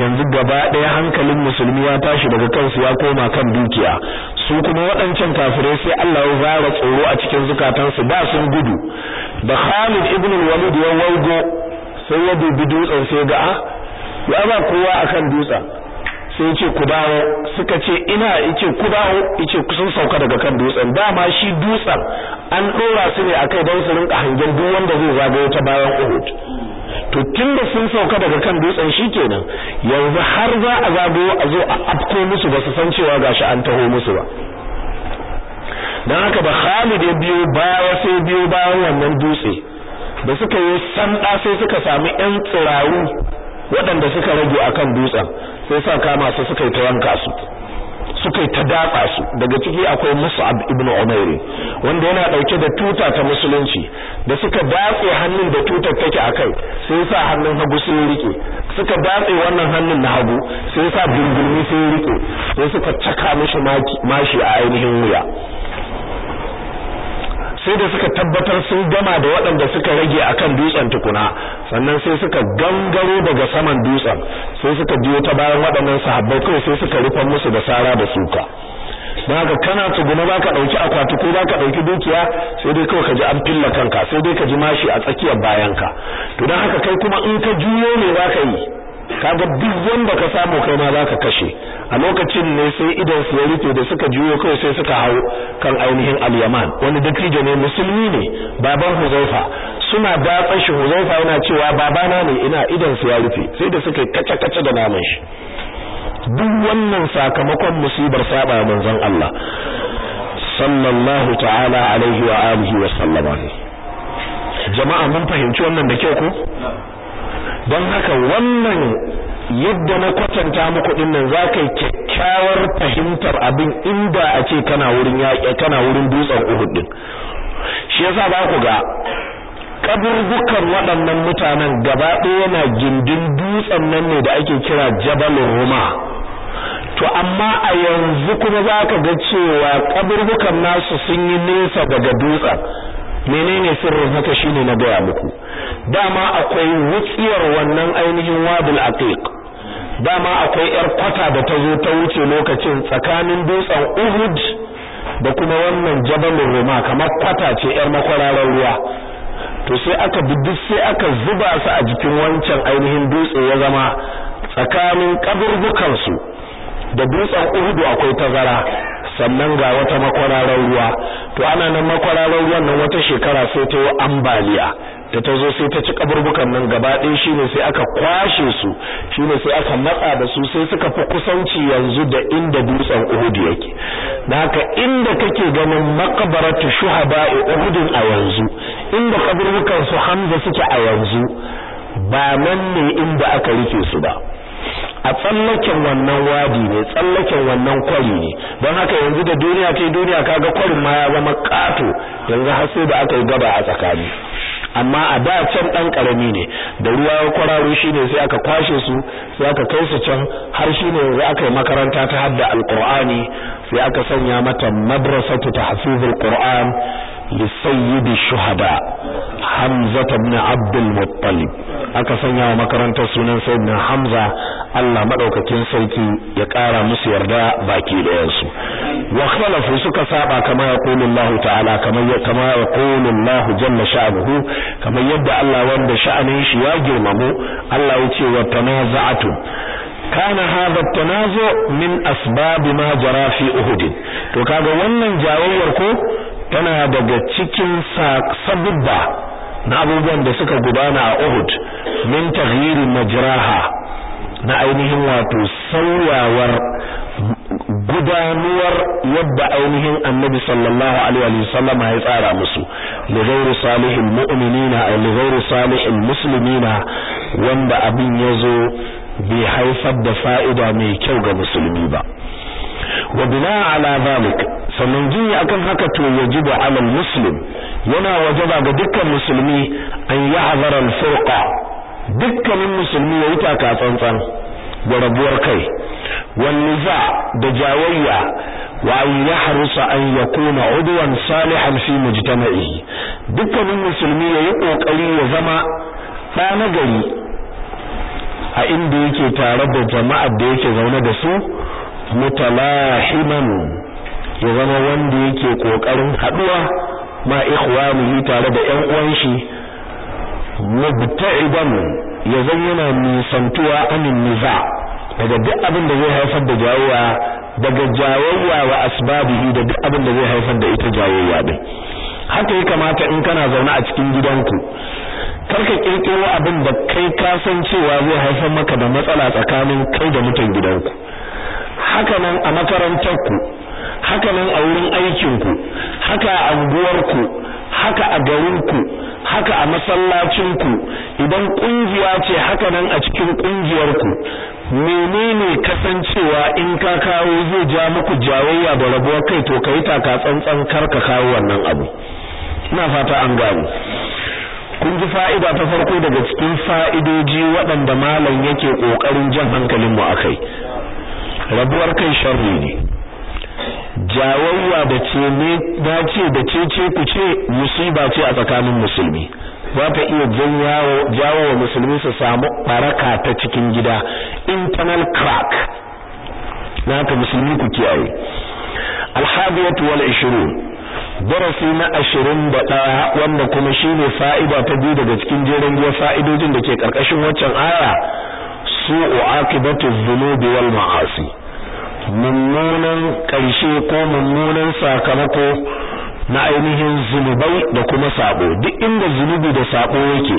yanzu gaba ɗaya hankalin musulmi ya tashi daga kansu ya koma kan dukiya su kuma waɗancan kafirai sai Allah ya zara tsoro a cikin zukatansu ba sun gudu da Khalid ibn Walid ya waigo sai ya dubi dutsen sai ga a ah, ya ba kowa akan dutsen sai ce ku dawo suka ce ina yace ku dawo yace ku sun sauka daga kan dutsen dama shi dutsen an dora su ne akai don su rinka hangen duk wanda zai zagaye ta bayan Uhud to tunda sun sauka daga kan dutsen shikenan yanzu har za a zagayo a zo a afko musu ba su san cewa gashi an taho musu ba dan haka ba Khalid ya biyo baya sai biyo baya wannan dutse da suka yi sanda sai suka samu yan tsirawu waɗanda suka rage akan dutsen sai sa kama su suka yi ta wanka su suka ta datsa su daga ciki akwai Mus'ab ibn Umairi wanda yana dauke da tuta ta musulunci da suka datse hannun da tutar take kai sai sa hannun hagu ya rike suka datse wannan hannun na hagu sai sa sai ya rike sai suka caka mishi mashi a ainihin wuya sai da suka tabbatar sun gama da waɗanda suka rage akan dutsen tukuna sannan sai suka gangaro daga saman dutsen sai suka biyo ta bayan waɗannan sahabbai kawai sai suka rufe musu da sara da suka don haka kana tsuguna ba ka ɗauki akwati ko ba ka ɗauki dukiya sai dai kawai ka ji an filla kanka sai dai ka ji mashi a tsakiyar bayanka to don haka kai kuma in ka juyo ne za ka yi kaga duk wanda ka samu kai ma zaka kashe a lokacin ne sai idan su rufe da suka juyo kai sai suka hau kan ainihin al-Yaman wani dattijo ne musulmi ne baban Huzaifa suna da shi Huzaifa yana cewa babana ne ina idan su ya rufe sai da suka kace kace da naman shi duk wannan sakamakon musibar saba manzon Allah sallallahu ta'ala alaihi wa alihi wa sallama jama'a mun fahimci wannan da kyau ko don haka wannan yadda na kwatanta muku din nan za ka yi kyakkyawar fahimtar abin inda a ce kana wurin yaƙi kana wurin dutsen Uhud din shi yasa ba ku ga kaburbukan waɗannan mutanen gaba ɗaya yana gindin dutsen nan ne da ake kira Jabal roma to amma a yanzu kuma za ka ga cewa kaburbukan nasu sun yi nesa daga dutsen menene sirrin haka shine na gaya muku dama akwai wutsiyar wannan ainihin wadul aqiq dama akwai yar kwata da ta zo ta wuce lokacin tsakanin dutsen Uhud da kuma wannan jabalin Roma kamar kwata ce yar makwararar ruwa to sai aka duk sai aka zuba su a jikin wancan ainihin dutse ya zama tsakanin kaburbukan su da dutsen uhudu akwai tazara sannan ga wata makwararar ruwa to ana nan makwararar ruwan nan wata shekara sai ta yi ambaliya da ta zo sai ta ci kaburbukan nan gaba ɗaya shine sai aka kwashe su shine sai aka matsa da su sai suka fi kusanci yanzu da inda dutsen uhudu yake dan haka inda kake ganin shuhaba shuhada'i uhudun a yanzu inda kaburbukan su Hamza suke a yanzu ba nan ne inda aka rufe su ba a tsallaken wannan wadi ne tsallaken wannan kwari ne don haka yanzu da duniya ke duniya kaga kwarin ma ya zama kato yanzu har sai da aka yi gaba a tsakani amma a da can dan karami ne da ruwa ya kwararo shine sai aka kwashe su sai aka kai su can har shine yanzu aka yi makaranta ta hadda alqur'ani sai aka sanya mata madrasatu tahfizul qur'an لسيد الشهداء حمزة بن عبد المطلب aka sanya wa makarantar sunan sayyidina Hamza Allah madaukakin sarki ya kara musu yarda baki da yansu wa khalafu suka saba kama yaqulu Allah ta'ala kama ya kama yaqulu Allah jalla kama yadda Allah wanda sha'anin shi ya girmamu Allah ce wa tanaza'atu kana hadha zo min asbab ma jara fi uhud to kaga wannan jawawar ko tana daga cikin sabubba na abubuwan da suka gudana a Uhud min taghyiri majraha na ainihin wato sauyawar gudanuwar yadda ainihin annabi sallallahu alaihi wasallam ya tsara musu li ghairi salihil mu'minina aw li ghairi muslimina wanda abin yazo bai haifar da fa'ida mai kyau ga musulmi ba wa bina ala zalik sannan jini akan haka to yajibu ala muslim yana wajaba ga dukkan musulmi an ya'zara al-furqa dukkanin musulmi ya yi taka tsantsan da rabuwar kai wanniza da jawayya wa an yahrusa an yakuna udwan salihan fi mujtama'i dukkanin musulmi yayi kokari ya zama da na gari a inda yake tare da jama'ar da yake zaune da su mutalahiman ya zama wanda yake kokarin haduwa ma ikhwanihi tare da ƴan uwan shi mubta'idan ya zama yana nisantuwa anin niza daga duk abin da zai haifar da jawowa daga jawowa wa asbabihi da duk abin da zai haifar da ita jawowa din haka ya kamata in kana zauna a cikin gidanku karka kirkiro abin da kai ka san cewa zai haifar maka da matsala tsakanin kai da mutan gidanku haka nan a makarantarku haka nan a wurin aikinku haka a anguwarku haka a garinku haka a masallacinku idan kungiya ce haka nan a cikin kungiyarku menene kasancewa in ka kawo zai ja muku jawayya da rabuwar kai to kai taka tsantsan kar ka kawo wannan abu ina fata an gano. kun ji fa'ida ta farko daga cikin fa'idoji waɗanda malam yake ƙoƙarin jan hankalinmu a kai rabuwar kai sharri ne jawayya da ce ne ce da ce ku ce musiba ce a tsakanin musulmi za ka iya jawo wa musulmi su samu baraka ta cikin gida internal crack na ka musulmi ku kiyaye alhadiyatu wal 20 darasi na ashirin da ɗaya wanda kuma shine fa'ida ta biyu daga cikin jerin giya fa'idojin da ke ƙarƙashin waccan aya su'u aqibatu dhunubi wal ma'asi mummunan karshe ko mummunan sakamako na ainihin zunubai da kuma sabo duk inda zunubi da sabo yake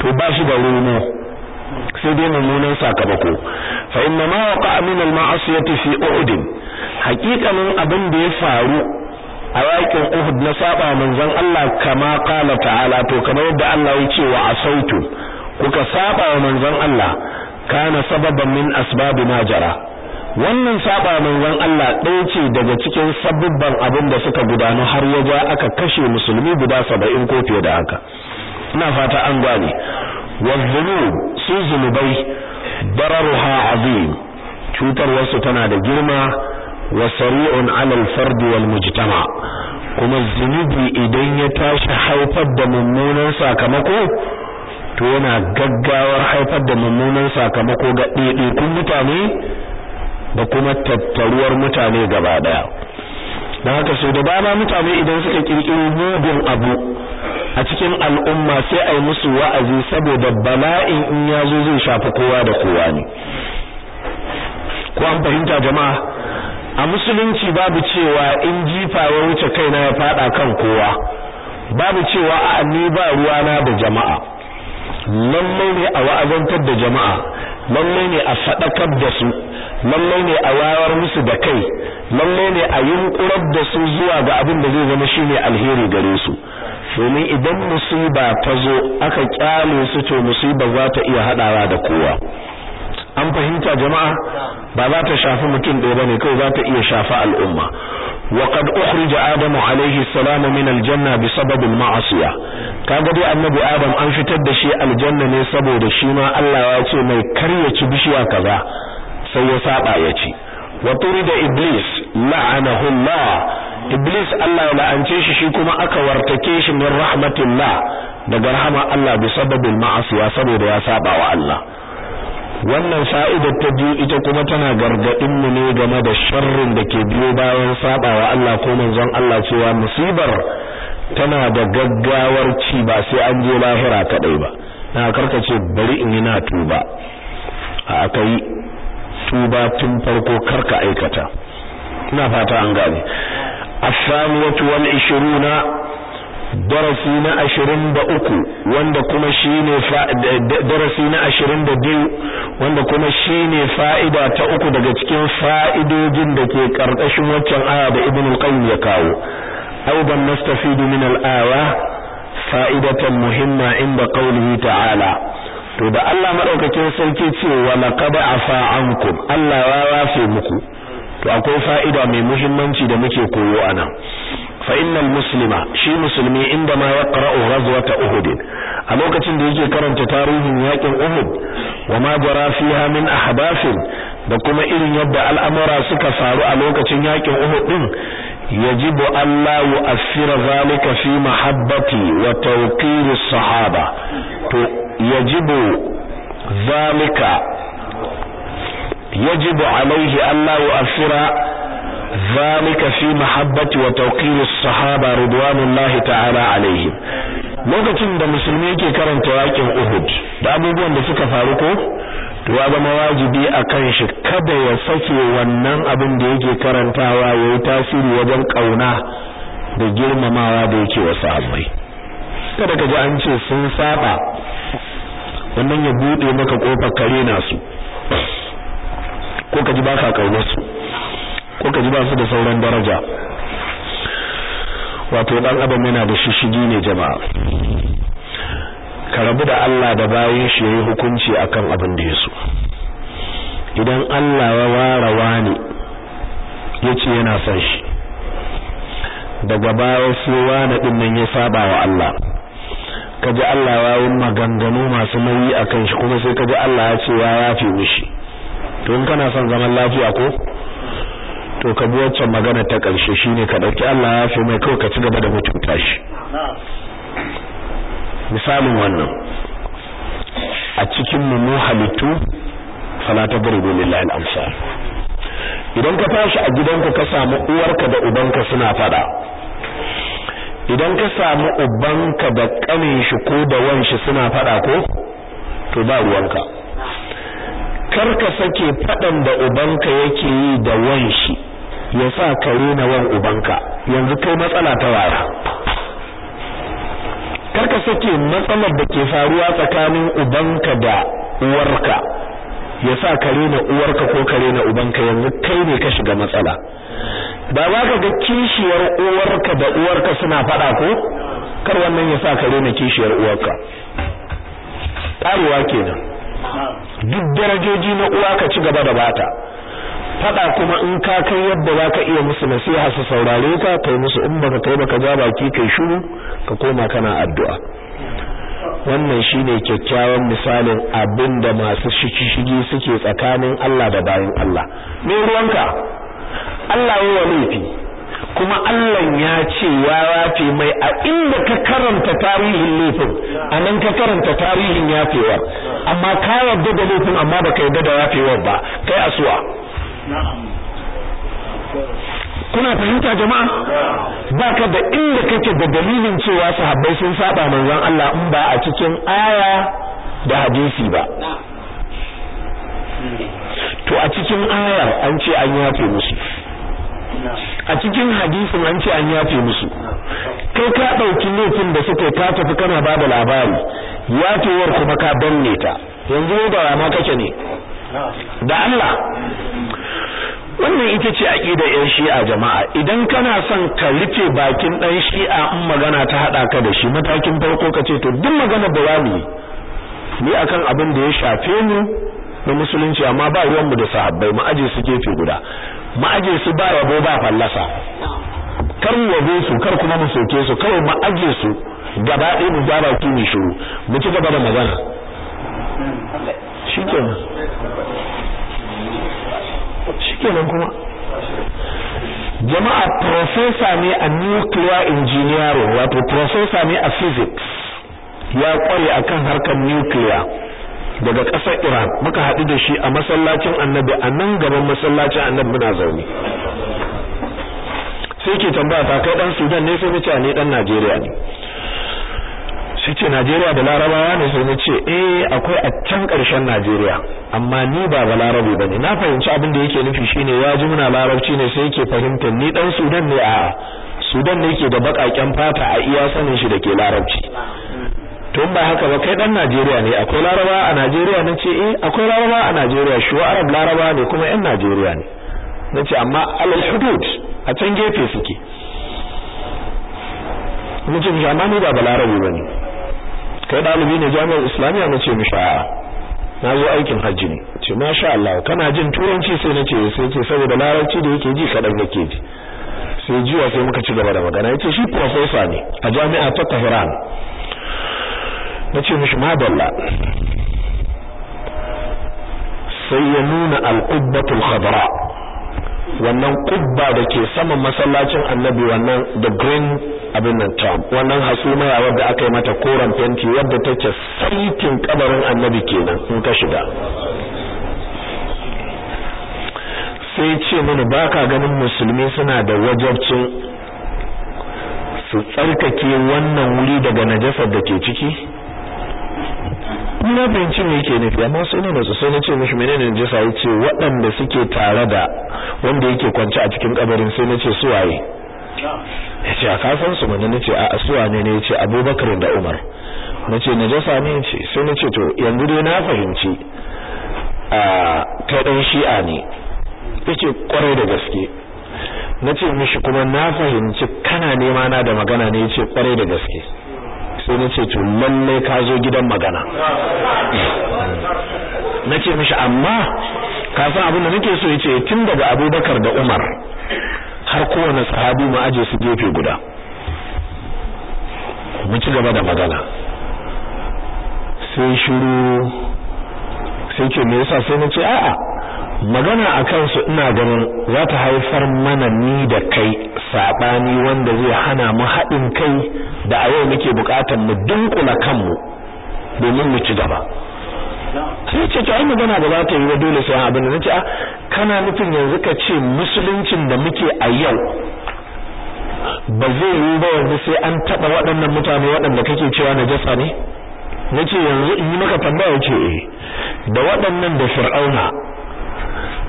to ba shi da rumo sai dai mummunan sakamako fa inna ma waqa min al ma'asiyati fi uhud abin da ya faru a yakin uhud na saba manzon Allah kama qala ta'ala to kamar yadda Allah ya ce wa asautu kuka saba manzon Allah kana sababan min asbabi ma jara wannan saba manzon Allah ɗaya ce daga cikin sabubban abin da suka gudanu har ya ja aka kashe musulmi guda 70 ko fiye da haka ina fata an gane wazzunub su zunubai dararuha azim cutar wasu tana da girma wa sari'un alal al wal mujtama kuma zunubi idan ya tashi haifar da mummunan sakamako to yana gaggawar haifar da mummunan sakamako ga ɗaiɗaikun mutane da kuma tattaruwar mutane gaba ɗaya don haka sau da dama mutane idan suka kirkiri mugun abu a cikin al'umma sai a yi musu wa'azi saboda bala'in in ya zo zai shafi kowa da kowa ne ko an fahimta jama'a a musulunci babu cewa in jifa ya wuce kaina ya faɗa kan kowa babu cewa a ni ba ruwana da jama'a lallai ne a wa'azantar da jama'a lallai ne a faɗakar da su lallai ne a wayar musu da kai lallai ne a yunkurar da su zuwa ga abin da zai zama shine alheri gare su domin idan musiba ta zo aka kyale su to musiba za ta iya haɗawa da kowa an fahimta jama'a ba za ta shafi mutum ɗaya bane kai za ta iya shafa al'umma wa qad ukhrija adamu alayhi salam min aljanna bi sabab alma'asiya kaga dai annabi adam an fitar da shi aljanna ne saboda shi ma Allah ya ce mai karyaci bishiya kaza sai ya saba ya ci wa turida iblis la'anahu Allah iblis Allah ya la'ance shi shi kuma aka wartake shi min rahmatillah daga rahama Allah bi sababil ma'asiya saboda ya saba wa Allah wannan sa'idar ta biyu ita kuma tana gargadin mu ne game da sharrin da ke biyo bayan sabawa Allah ko manzon Allah cewa musibar tana da gaggawar ci ba sai an je lahira kadai ba na karkace bari in yi na tuba a yi tuba tun farko karka aikata ina fata an gane as-saniyatu wal darasi na ashirin da uku wanda kuma shi ne darasi na ashirin da biyu wanda kuma shi ne fa'ida ta uku daga cikin fa'idojin da ke ƙarƙashin waccan aya da ibn al ya kawo aidan nastafidu min al'awa fa'idatan muhimma inda qawlihi ta'ala to da Allah maɗaukakin sarki ce wa laqad afa ankum Allah ya wafe muku to akwai fa'ida mai muhimmanci da muke koyo anan fa innal muslima shi musulmi inda ma ya qara'u ghazwata uhud a lokacin da yake karanta tarihin yakin uhud wa ma jara fiha min ahbasin da kuma irin yadda al'amura suka faru a lokacin yakin uhud din yajibu Allah yu'assira zalika fi mahabbati wa tawqiri sahaba to yajibu zalika يجب عليه أن لا يؤثر ذلك في محبة وتوقير الصحابة رضوان الله تعالى عليهم lokacin da musulmi yake karanta yakin Uhud da abubuwan da suka faru ko to ya zama wajibi kan shi kada ya sake wannan abin da yake karantawa yayi tasiri wajen kauna da girmamawa da yake wa sahabbai kada ka ji an ce sun saba wannan ya bude maka kofar kare nasu ko ka ji ba sa kaunar su ko ka ji ba su da sauran daraja wato dan adam yana da shishigi ne jama'a ka rabu da Allah da bayan shi yayi hukunci akan abin da yaso idan Allah ya ware wani yace yana son shi daga baya sai wani din nan ya saba wa Allah kaji Allah ya yi maganganu masu nauyi akan shi kuma sai kaji Allah ya ce ya yafe mishi to in kana son zaman lafiya ko to ka bi waccan magana ta karshe shine ka dauki Allah ya fi mai kawai ka ci gaba da mutunta shi misalin wannan a cikin mu mu halittu fala tadribu lillahi al-amsal idan ka tashi a gidanka ka samu uwarka da ubanka suna fada idan ka samu ubanka da kanin shi ko da wanshi suna fada ko to ba ruwanka kar ka sake faɗan da ubanka yake yi da wanshi ya sa ka rena wan ubanka yanzu kai matsala ta wara kar sake matsalar da ke faruwa tsakanin ubanka da uwarka ya sa ka rena uwarka ko ka rena ubanka yanzu kai ne ka shiga matsala ba za ka ga kishiyar uwarka da uwarka suna faɗa ko kar wannan ya sa ka rena kishiyar uwarka ƙarewa kenan duk darajoji na uwa ka ci gaba da bata fada kuma in ka kai yadda zaka iya musu nasiha su saurare ka kai musu in baka kai baka ja baki kai shiru ka koma kana addu'a wannan shine kyakkyawan misalin abinda masu masu shigi suke tsakanin Allah da bayin Allah me ruwanka Allah ya laifi kuma Allah ya ce ya mai a inda ka karanta tarihin laifin a nan ka karanta tarihin yafewa amma ka yarda da laifin amma baka yarda da yafewar ba kai asuwa kuna fahimta jama'a Ba ka da inda kake da dalilin cewa sahabbai sun saba manzon Allah in ba a cikin aya da hadisi ba to a cikin ayar an ce an yafe musu a cikin hadisin an ce an yafe musu kai ka ɗauki laifin da suke ka tafi kana ba labari yafewar kuma ka danne ta yanzu da rama kake ne da Allah wannan ita ce aqida yan shi'a jama'a idan kana son ka rufe bakin dan shi'a in magana ta hada ka da shi matakin farko kace to duk magana da wani ni akan abin da ya shafe mu na musulunci amma ba ruwan mu da sahabbai mu aje su gefe guda ma'aje su ba rabo ba fallasa kar mu yabe su kar kuma mu soke su kawai ma'aje su gaba ɗaya mu zaba ki mu shiru mu ci gaba da magana shikenan shikenan kuma jama'a professor ne a nuclear engineering wato professor ne a physics ya kware akan harkar nuclear daga ƙasar Iran muka haɗu da shi a masallacin annabi a nan gaban masallacin annabi muna zaune sai ke tambaya ta kai dan Sudan ne sai nace ne dan Najeriya ne sai ce Najeriya da Larabawa ne sai nace eh akwai a can ƙarshen Najeriya amma ni ba ba ne na fahimci abin da yake nufi shine ya ji muna Larabci ne sai yake fahimtar ni dan Sudan ne a Sudan ne ke da baƙaƙen fata a iya sanin shi da ke Larabci to ba haka ba kai dan Najeriya ne akwai Laraba a Najeriya nace eh akwai Laraba a Najeriya shi wa Arab Laraba ne kuma yan Najeriya ne nace amma alal hudud a can gefe suke nace mishi amma ni ba ne. bane kai dalibi ne jami'ar Islamiyya nace mu a'a na zo aikin hajji ne ce masha Allah kana jin turanci sai nace sai ce saboda larabci da yake ji kadan nake ji sai jiwa sai muka ci gaba da magana yace shi professor ne a jami'a ta Tehran na ce mishi madalla sai ya nuna alƙubbatul khadra wannan kubba da ke saman masallacin annabi wannan the green abin nan tam wannan hasumaya wadda aka yi mata koren fenti wadda take saitin kabarin annabi kenan in ka shiga sai ce mana baka ganin musulmi suna da wajabcin su tsarkake wannan wuri daga najasar da ke ciki ni na fahimci me yake nufi amma sai na nasu sai na ce mishi menene najasa yace waɗanda suke tare da wanda yake kwance a cikin kabarin sai na ce su waye yace a kasan su mana nace a su wane ne ce Abubakar da Umar na ce na jasa ne yace sai na ce to yanzu dai na fahimci a kai shi'a ne yace kwarai da gaske na ce mishi kuma na fahimci kana nema na da magana ne yace kwarai da gaske sai na ce to lalle ka zo gidan magana na ce mishi amma ka san abin da nake so ya ce tun daga abubakar da umar har kowane sahabi mu aje su gefe guda mu ci gaba da magana sai shiru sai ce me yasa sai na ce a'a magana a kansu ina ganin za ta haifar mana ni da kai saɓani wanda zai hana mu haɗin kai da a yau muke buƙatar mu dunkula kanmu domin mu ci gaba sai ce ta magana ba za ta yi ba dole sai abin da nace a ah, kana nufin yanzu ka ce musuluncin da muke a yau ba zai yi ba yanzu sai an taɓa waɗannan mutane waɗanda kake cewa na jasa ne nace yanzu in yi maka tambaya ce eh, da waɗannan da fir'auna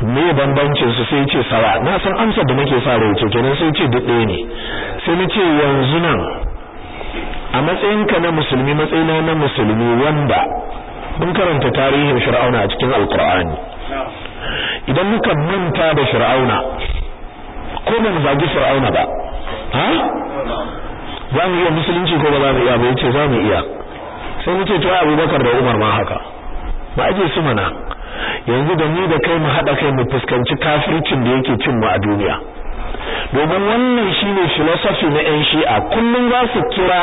me bambancin su sai ce sawa na san amsar da nake sa rai kenan sai ce duk ɗaya ne sai ni ce yanzu nan a matsayin ka na musulmi matsayina na musulmi wanda mun karanta tarihin shar'auna a cikin alqur'ani idan muka manta da shar'auna ko ban zagi shar'auna ba ha za mu iya musulunci ko ba za mu iya ba yace za mu iya sai mu ce to Abubakar da Umar ma haka ba aje su mana yanzu da ni da kai mu haɗa kai mu fuskanci kafircin da yake cin mu a duniya domin wannan shine philosophy na yan shi'a kullum za su kira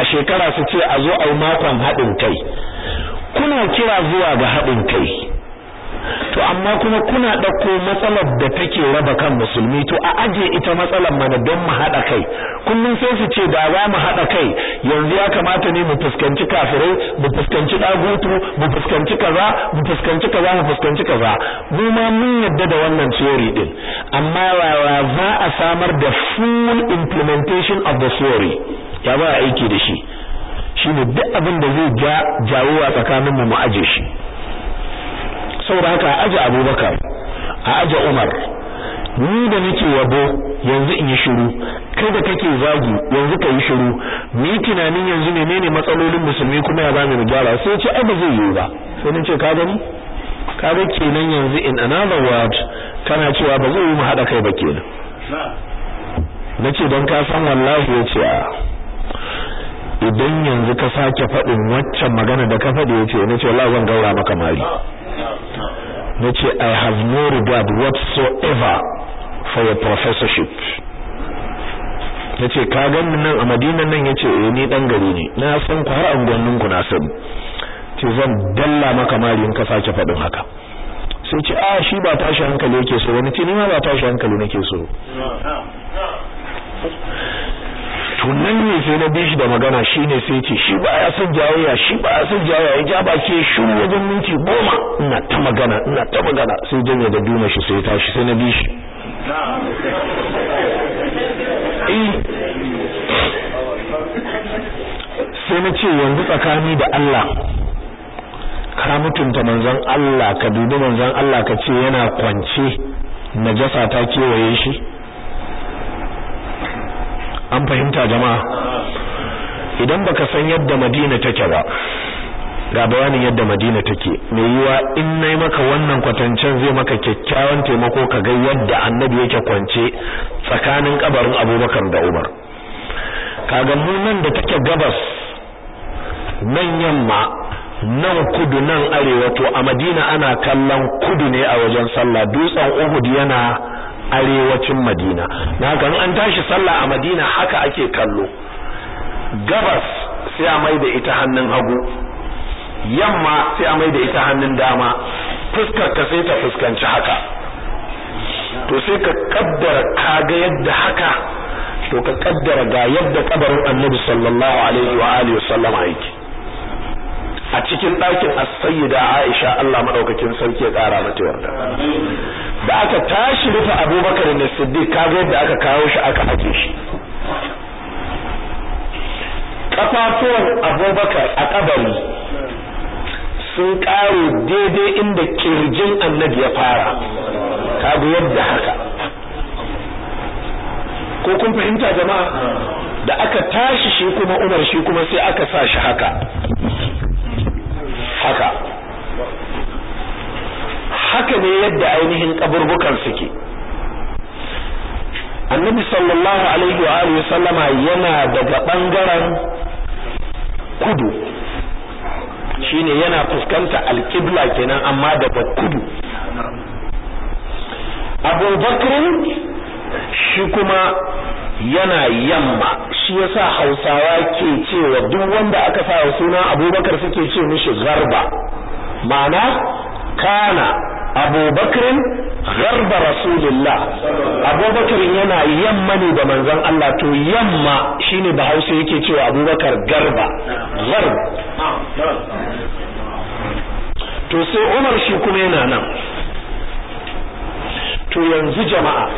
a shekara su ce a zo a yi makon haɗin kai kuna kira zuwa ga haɗin kai to amma kuma kuna ɗauko matsalar da take raba kan musulmi to a aje ita matsalar mana don mu haɗa kai kullum sai su ce da za mu haɗa kai yanzu ya kamata ne mu fuskanci kafirai mu fuskanci ɗagutu mu fuskanci kaza mu fuskanci kaza mu fuskanci kaza mu ma mun yadda da wannan theory din amma yawa za a samar da full implementation of the theory ya ba aiki da shi shine duk abin da zai jawo a tsakaninmu mu aje shi saboda haka a aje abubakar a aje umar ni da nake yabo yanzu in yi shiru kai da kake zagi yanzu ka yi shiru ni tunanin yanzu menene matsalolin musulmi kuma ya bani gyara sai ya ce ai ba zai yi ba sai nace ka gani ka ga kenan yanzu in another word kana cewa ba zai yi mu hada kai ba kenan nace don ka san wallahi yace a idan yanzu ka sake faɗin waccan magana da ka faɗi yace ce wallahi zan gaura maka mali nace i have no regard whatsoever for your professorship nace ka gan nan a madina nan yace eh ni dan gari ne na san ku har angonnin ku na san ce zan dalla maka mali in ka sake faɗin haka sai ce a ah, shi ba tashi hankali yake so wani ce ni ma ba tashi hankali nake so to nan ne sai na bishi da magana shine sai ce shi ya son jawaya shi ya son jawaya ya ja baki shiru wajen minti goma ina ta magana ina ta magana sai janye da duma shi sai tashi sai na bishi eh. sai na ce yanzu tsakani da Allah ka mutunta manzon Allah ka dubi manzon Allah ka ce yana kwance najasa ta kewaye shi an fahimta jama'a idan baka san yadda madina take ba ga bayanin yadda madina take mai yiwa in nayi maka wannan kwatancen zai maka kyakkyawan taimako ka ga yadda annabi yake kwance tsakanin kabarin abubakar da umar kaga mu nan da take gabas nan yamma nan kudu nan arewa to a madina ana kallon kudu ne a wajen sallah dutsen uhud yana arewacin madina na haka an tashi sallah a madina haka ake kallo gabas sai a mai da ita hannun hagu yamma sai a mai da ita hannun dama fuskar ka sai ta fuskanci haka to sai ka kaddara kaga yadda haka to ka kaddara ga yadda kabarin annabi sallallahu alaihi wa alihi wasallam yake a cikin ɗakin as-sayyida Aisha Allah madaukakin sarki ya kara mata yarda da aka tashi rufe abubakar da siddiq kaga yadda aka kawo shi aka ake shi kafafuwan abubakar a kabari sun kare daidai inda kirjin annabi ya fara kaga yadda haka ko kun fahimta jama'a da aka tashi shi kuma umar shi kuma sai aka sa shi haka haka haka ne yadda ainihin kaburbukan suke annabi sallallahu alaihi wa alihi sallama yana daga bangaren kudu shine yana fuskanta alqibla kenan amma daga kudu Abu Bakr shi kuma yana yamma shi yasa Hausawa ke cewa duk wanda aka sa suna Abubakar suke ce mishi garba ma'ana kana abubakarin garba rasulullah abubakarin yana yamma ne da manzon Allah to yamma shine hausa yake cewa abubakar garba garb to sai umar shi kuma yana nan to yanzu jama'a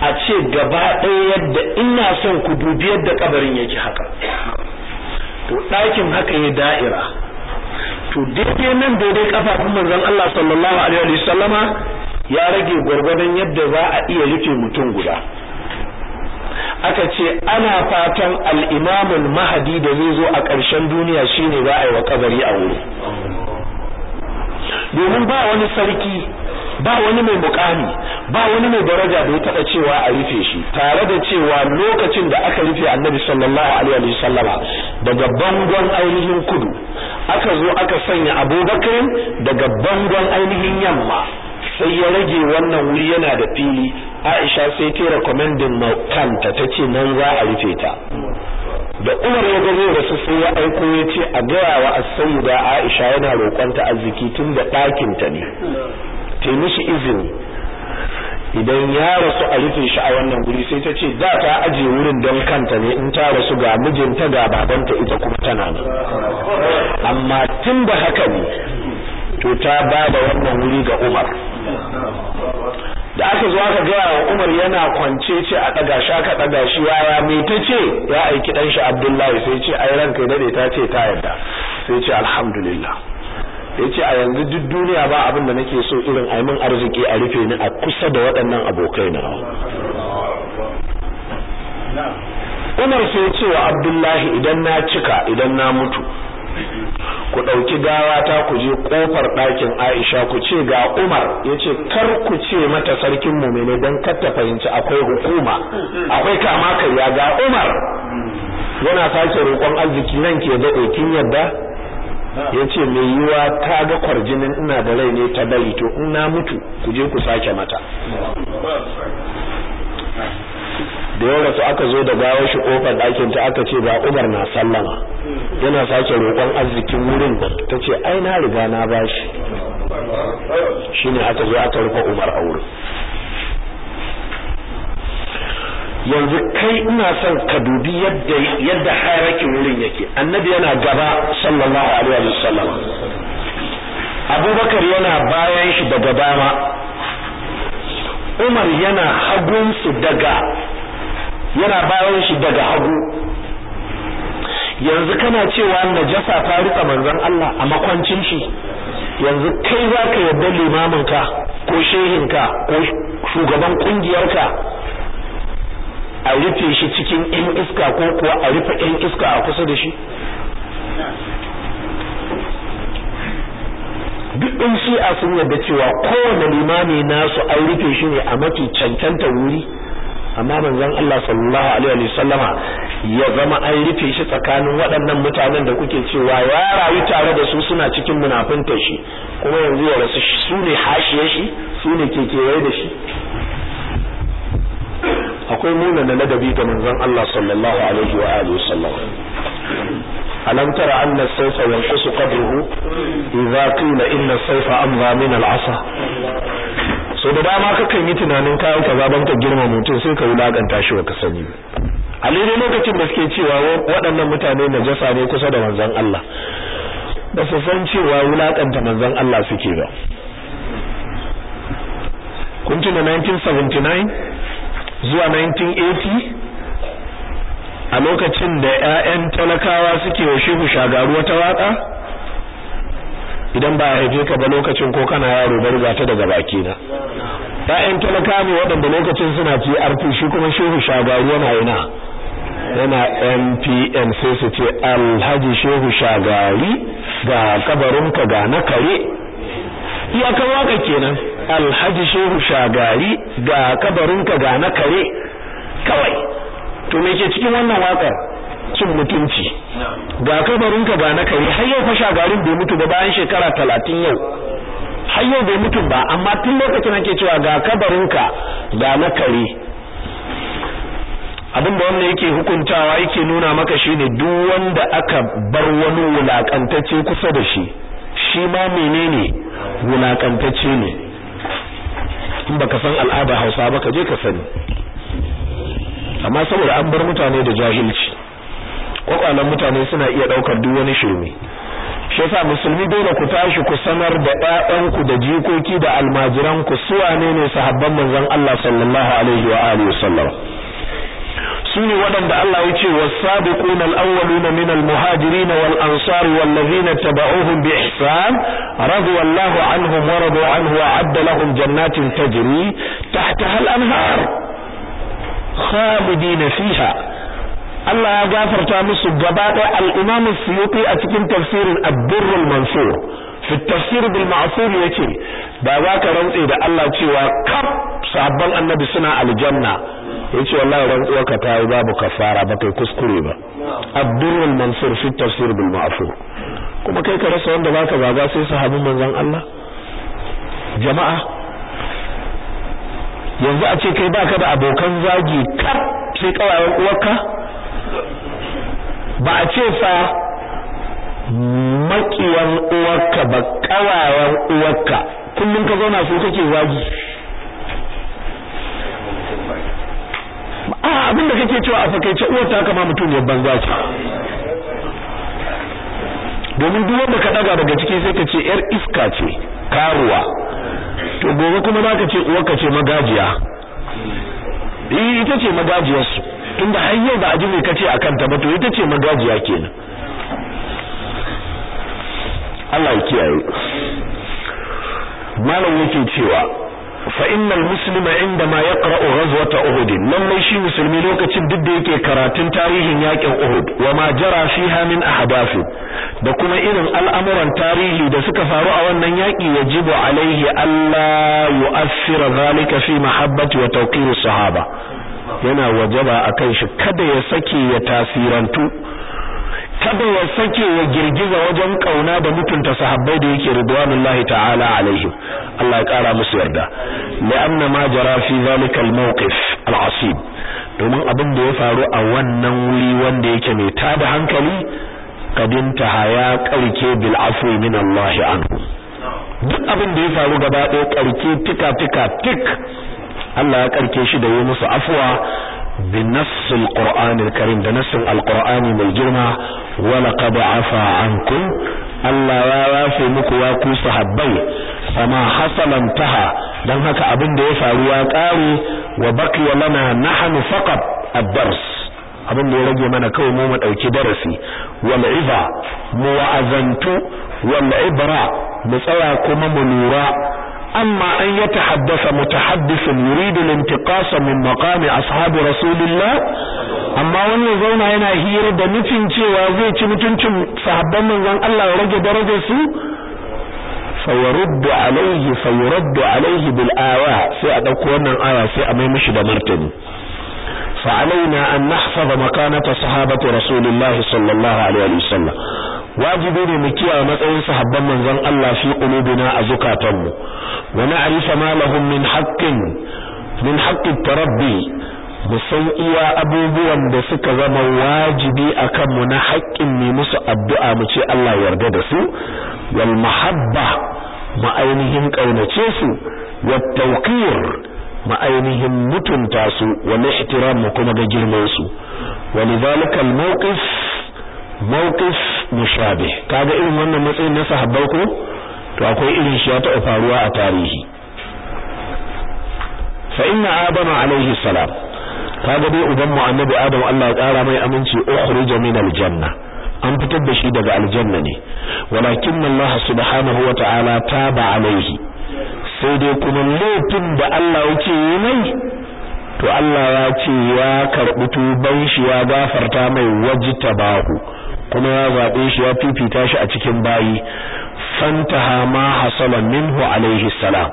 a ce gaba ɗaya yadda ina son ku dubi yadda kabarin yake haka to ɗakin haka ya da'ira to daidai nan daidai kafafun manzon Allah sallallahu alaihi wa sallama ya rage gwargwadon yadda za a iya rike mutum guda aka ce ana fatan al-imamul mahdi da zai zo a ƙarshen duniya shine za a yi wa kabari a wuri domin ba wani sarki ba wani mai mukami ba wani mai daraja da ya taba cewa a rufe shi tare da cewa lokacin da aka rufe annabi sallallahu alaihi wa sallama daga bangon ainihin kudu aka zo aka sanya abubakar daga bangon ainihin yamma sai ya rage wannan wuri yana da fili aisha sai ta rekomendin ma kanta ta ce nan za a rufe ta da umar ya gano da su sai ya aiko ya ce a gaya wa asayu da aisha yana roƙonta arziki tun da ɗakin ta ne ta mishi izini idan ya rasu a rufe shi a wannan guri sai ta ce za ta aje wurin don kanta ne in ta rasu ga mijinta ga babanta ita kuma tana ne amma tun da haka ne to ta ba da wannan wuri ga Umar da aka zo ka gaya wa Umar yana kwance ce a ɗaga sha ka ɗaga shi yaya me ta ce ya aiki ɗan shi Abdullahi sai ce ai ranka ya dade ta ce ta yadda sai ce alhamdulillah ya ce a yanzu duk duniya ba abin da nake so irin a min arziki a rufe ni a kusa da waɗannan abokai na Umar sai ce wa Abdullahi idan na cika idan na mutu ku ɗauki gawata ku je ƙofar ɗakin aisha ku ce ga umar ya ce kar ku ce mata sarkin mumine don kar ta fahimci akwai hukuma akwai kama karya ga umar yana sake roƙon arziki nan ke daɗe kin yadda ya ce mai yiwa ta ga kwarjinin ina da rai ne ta bari to in na mutu ku je ku sake mata da ya rasu aka zo da gawo shi kofar ɗakin ta aka ce ba Umar na sallama yana sake roƙon arzikin wurin nan ta ce ai na riga na bashi ne aka zo aka rufe Umar a wurin yanzu kai ina son ka dubi yadda yadda harakin wurin yake annabi yana gaba sallallahu alaihi wasallam abubakar yana bayan shi daga dama umar yana su daga yana bayan shi daga hagu yanzu kana cewa najasa ta rika manzon Allah a makwancin shi yanzu kai za ka yarda limaminka ko shehinka ko shugaban kungiyarka a rufe shi cikin 'yan iska ko kuwa a rufe 'yan iska a kusa da shi duk ɗin a sun yarda cewa kowane limami nasu an rufe shi ne a mafi cancanta wuri amma manzon Allah sallallahu alaihi wa sallama ya zama an rufe shi tsakanin waɗannan mutanen da kuke cewa ya rayu tare da su suna cikin munafunta shi kuma yanzu ya rasu su ne hashiye shi su ne ke kewaye da shi akwai munana ladabi ga manzon Allah sallallahu alaihi wa alihi wasallam alam tara anna sayfa yanqusu qadruhu idza qila inna sayfa amdha min al-'asa so da dama kakan yi tunanin kayan kaza zaban ka girma mutum sai ka wulakanta shi baka sani a lele lokacin da suke cewa waɗannan mutane na jasa ne kusa da manzon Allah ba su san cewa wulakanta manzon Allah suke ba kun tuna 1979 zuwa 1980 a lokacin da 'ya'yan talakawa suke wa shehu shagaru wata waka idan ba a haife ka ba lokacin ko kana yaro ba riga ta daga baki na ƴaƴan talakami waɗanda lokacin suna ci arfi shi kuma shehu shagaru yana yana yana NPM sai su ce Alhaji Shehu Shagari ga kabarinka ga na kare iyakan waka kenan Alhaji Shehu Shagari ga kabarinka ga na kare kawai to me ke cikin wannan wakar cin mutunci ga kabarinka ba na kai har yau fasha garin bai mutu ba bayan shekara talatin yau har yau bai mutu ba amma tun lokacin ake cewa ga kabarinka ga na kare abin da wannan yake hukuntawa yake nuna maka shine duk wanda aka bar wani wulakantacce kusa da shi shi ma menene wulakantacce ne in baka san al'ada Hausa ba ka je ka sani amma saboda an bar mutane da jahilci kwakwalan mutane suna iya daukar duk wani shirme shi yasa musulmi dole ku tashi ku sanar da ku da jikoki da almajiran ku su wane ne sahabban manzon Allah sallallahu alaihi wa alihi wasallam su ne waɗanda Allah ya ce was-sabiquna al-awwaluna min al-muhajirin wal-ansar wal-ladhina tabauhum bi ihsan radiyallahu anhum wa radu anhu wa adda lahum jannatin tajri tahtaha al-anhar khalidina fiha Allah ya gafarta musu gaba ɗaya al-Imam Suyuti a cikin tafsirin ad Mansur fi tafsir bil ma'sur yake ba za ka rantse da Allah cewa kaf sabban annabi suna aljanna yace wallahi rantsuwa ka tayi babu kafara ba kai kuskure ba Ad-Durrul Mansur fi tafsir bil ma'sur kuma kai ka rasa wanda baka zaga sai sahabban manzon Allah jama'a yanzu a ce kai baka da abokan zagi kaf sai kawayen uwarka ba a ce fa makiyan uwarka ba kawayen uwarka kullum ka zauna su kake zagi a abinda kake cewa a fakaice uwar ta kama mutum ya banza ce domin duk wanda ka daga daga ciki sai ka ce yar iska ce karuwa to gobe kuma ka ce uwarka ce magajiya eh, ita ce magajiyarsu tunda har yau da a ji me kace akan ta ba to ita ce magajiya kenan Allah ya kiyaye malam yake cewa fa innal muslima indama yaqra ghazwata uhud mai shi musulmi lokacin duk da yake karatun tarihin yakin uhud wa ma jara fiha min ahdaf da kuma irin al'amuran tarihi da suka faru a wannan yaki wajibu alaihi alla yu'assira zalika fi mahabbati wa tawqir sahaba yana wajaba a kan shi kada ya sake ya tasirantu kada ya sake ya girgiza wajen kauna da mutunta sahabbai da yake ridwanullahi ta'ala alaihim Allah ya kara musu yarda la'anna ma jara fi zalika al-mawqif al-asib domin abin da ya faru a wannan wuri wanda yake mai tada hankali ta haya karke bil afwi min Allah anhu duk abin da ya faru gaba ɗaya karke tika tika tik Allah ya karke shi da yi musu afwa bi nassil qur'anil karim da al alqur'ani mai girma Wala laqad afa ankum Allah ya rafe muku ya ku sahabbai sama hasalan taha dan haka abin da ya faru ya kare wa baqiya lana nahnu faqat ad-dars abin da ya rage mana kawai mu mu dauki darasi wal iza mu wa'azantu wal ibra mu tsaya kuma mu lura amma an ya yatahaddasa mutahaddisun yuridu lintiqasa min maqami ashabi rasulillah amma wannan zauna yana hira da nufin cewa zai ci mutuncin sahabban manzon Allah ya rage darajar su fayaruddu alaihi fayaruddu alaihi bil awa sai a ɗauko wannan aya sai a mai mishi da martani fa alaina an nahfaza makanata sahabati rasulillahi sallallahu alaihi wasallam wajibi ne mu kiyaye matsayin sahabban manzon Allah fi qulubina a zukatanmu wa na'rifa ma lahum min haqqin min haqqi tarabbi mu san iya abubuwan da suka zama wajibi akan mu na haƙƙin ne musu addu'a mu ce Allah yarda da su wal mahabba ma ainihin kaunace su wa tawqir ma ainihin mutunta su wa ihtiram kuma ga girman su wa lidhalika al mawqif mawqif mushabih kaga irin wannan matsayin na sahabbai ko to akwai irin shi ya faruwa a tarihi fa inna adama alaihi salam kaga dai uban mu annabi adam Allah ya kara mai aminci ukhrija min aljanna an fitar da shi daga aljanna ne walakin Allah subhanahu wa ta'ala taba alaihi sai dai kuma laifin da Allah yake yi mai to Allah ya ce ya karbi tuban shi ya gafarta mai wajtabahu kuma ya zaɓe shi ya fifita shi a cikin bayi fantaha ma hasala minhu alaihi salam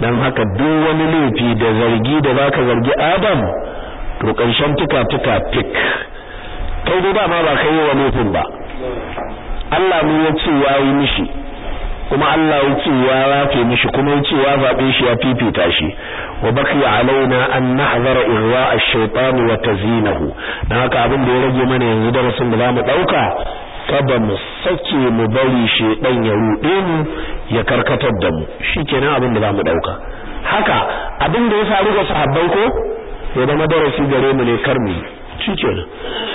dan haka duk wani laifi da zargi da zaka zargi Adam to karshen tuka tuka tik kai dai ba ma ba kai wa laifin ba Allah mu ya yayi mishi kuma Allah ya ce ya rafe mishi kuma ya ce ya zabe shi ya fifita shi wa baki alaina an nahzara irwa ash-shaytan wa tazinahu dan haka abin da ya rage mana yanzu da rasul da zamu dauka kada mu sake mu bari shedan ya rude mu ya karkatar da mu shikenan abin da zamu dauka haka abin da ya faru ga sahabbai ko ya zama darasi gare mu ne kar shikenan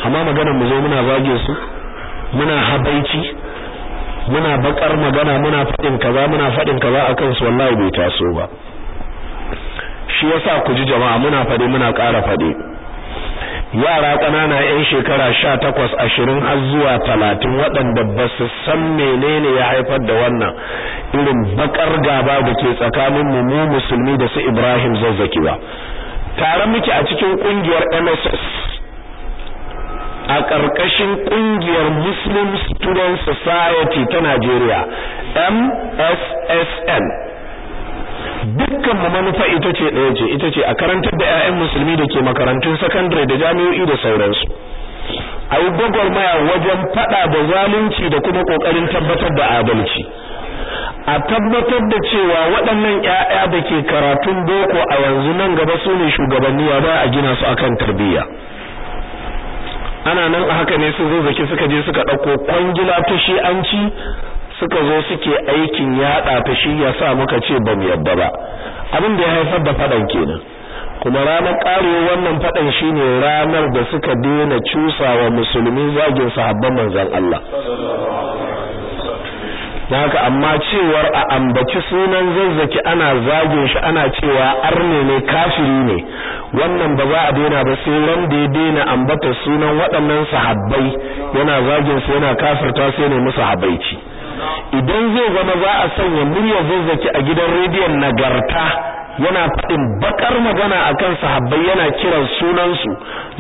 amma maganar mu zo muna zage su muna habaici muna bakar magana muna faɗin kaza muna faɗin kaza akan su wallahi bai taso ba shi yasa ku ji jama'a muna faɗi muna ƙara faɗi yara ƙanana 'yan shekara sha takwas ashirin har zuwa talatin waɗanda ba su san menene ya haifar da wannan irin bakar gaba da ke tsakanin mu musulmi da su Ibrahim zazzaki ba tare muke a cikin ƙungiyar MSS a ƙarƙashin ƙungiyar Muslim Student Society ta Najeriya MSSN dukkan manufa ita ce ɗaya ce ita ce a karantar da 'ya'yan musulmi da ke makarantun sakandare da jami'o'i da sauransu a yi gwagwarmaya wajen faɗa da zalunci da kuma ƙoƙarin tabbatar da adalci a tabbatar da cewa waɗannan ‘ya'ya da ke karatun boko a yanzu nan gaba su ne shugabanni ba a gina su akan tarbiyya ana nan a haka ne su zaki suka je suka ɗauko kwangila fushi an ci suka zo suke aikin yaɗa fushi ya sa muka ce ba mu yadda ba abin da ya haifar da faɗan kenan kuma ranar ƙarewa wannan faɗan shine ranar da suka daina cusa wa musulmi zagin sahabban manzon Allah don haka amma cewar a ambaci sunan zazzaki ana zagin shi ana cewa arne ne kafiri ne wannan ba za a daina ba sai wanda ya daina ambata sunan waɗannan sahabbai yana zagin su yana kafirta sai ne musu habaici idan zai zama za a sanya murya zazzaki a gidan rediyon nagarta yana faɗin bakar magana a kan sahabbai yana kiran sunansu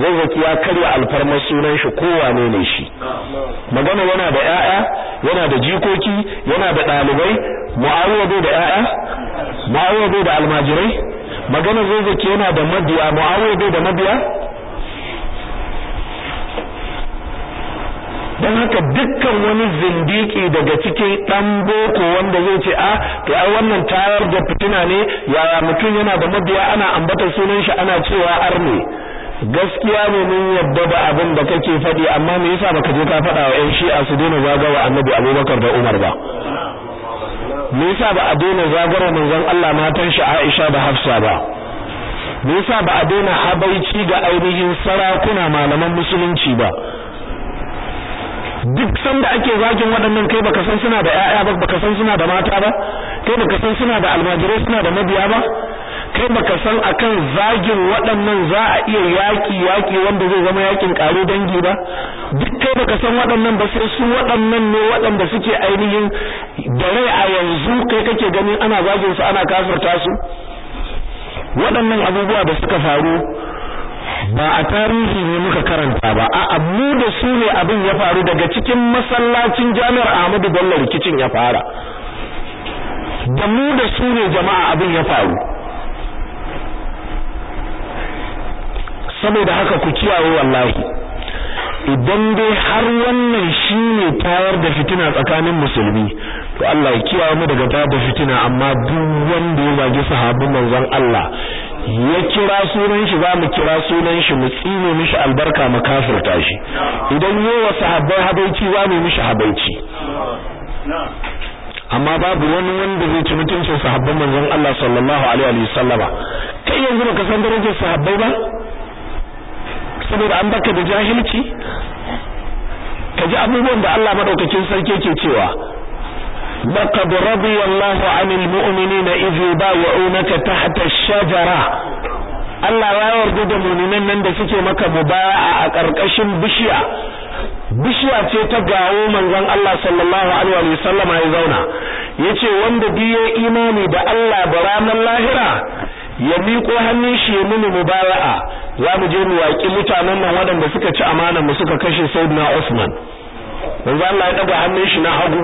zazzaki ya karya alfarmar sunan shi kowane ne shi magana yana da 'ya'ya, yana da jikoki yana da ɗalibai muawiya bai da 'ya'ya, muawiya bai da almajirai magana zazzaki yana da mabiya muawiya bai da mabiya don haka dukkan wani zindiki daga cikin dan boko wanda zai ce a ah, to ai wannan tayar da fitina ne yaya mutum yana da mabiya ana ambata sunan shi ana cewa arne gaskiya ne mun yadda da abin da kake faɗi amma me yasa baka je ka faɗa wa ƴan shi'a su daina zagawa annabi Abubakar da Umar ba me yasa ba a daina zagara manzon Allah matan shi Aisha da Hafsa ba me yasa ba a daina habaici ga ainihin sarakuna malaman musulunci ba duk sanda ake zagin waɗannan kai baka san suna da ƴaƴa ba baka san suna da mata ba kai baka san suna da almajirai suna da mabiya ba kai baka san akan zagin waɗannan za a iya yaƙi yaki wanda zai zama yakin ƙaro dangi ba duk kai baka san waɗannan ba sai su waɗannan ne waɗanda suke ainihin da rai a yanzu kai kake ganin ana zagin su ana kasarta su waɗannan abubuwa da suka faru ba a tarihi ne muka karanta ba a mu da su ne abin ya faru daga cikin masallacin jami'ar Ahmadu Bello rikicin ya fara da mu da su ne jama'a abin ya faru saboda haka ku kiyaye wallahi idan dai har wannan shine tayar da fitina tsakanin musulmi to Allah ya kiyaye mu daga tayar da fitina amma duk wanda ya zagi sahabbin manzon Allah ya kira sunan shi za mu kira sunan shi mu tsine mishi albarka mu kafirta shi idan yi wa sahabbai habaici za mu mishi habaici amma babu wani wanda zai ci mutuncin sahabban manzon Allah sallallahu alaihi wa sallama kai yanzu baka san darajar sahabbai ba saboda an baka da jahilci kaji abubuwan da Allah madaukakin sarki yake cewa لقد رضي الله عن المؤمنين إذ يبايعونك تحت الشجرة Allah ya yarda da mu'minan nan da suke maka mubaya a ƙarƙashin bishiya bishiya ce ta gawo manzon Allah sallallahu alaihi wa sallama ya zauna yace wanda duk ya imani da Allah da ranar lahira ya miƙo hannun shi ya mini mubaya'a za mu je mu waƙi mutanen nan waɗanda suka ci amanar mu suka kashe Sayyidina Usman manzon Allah ya ɗaga hannun shi na hagu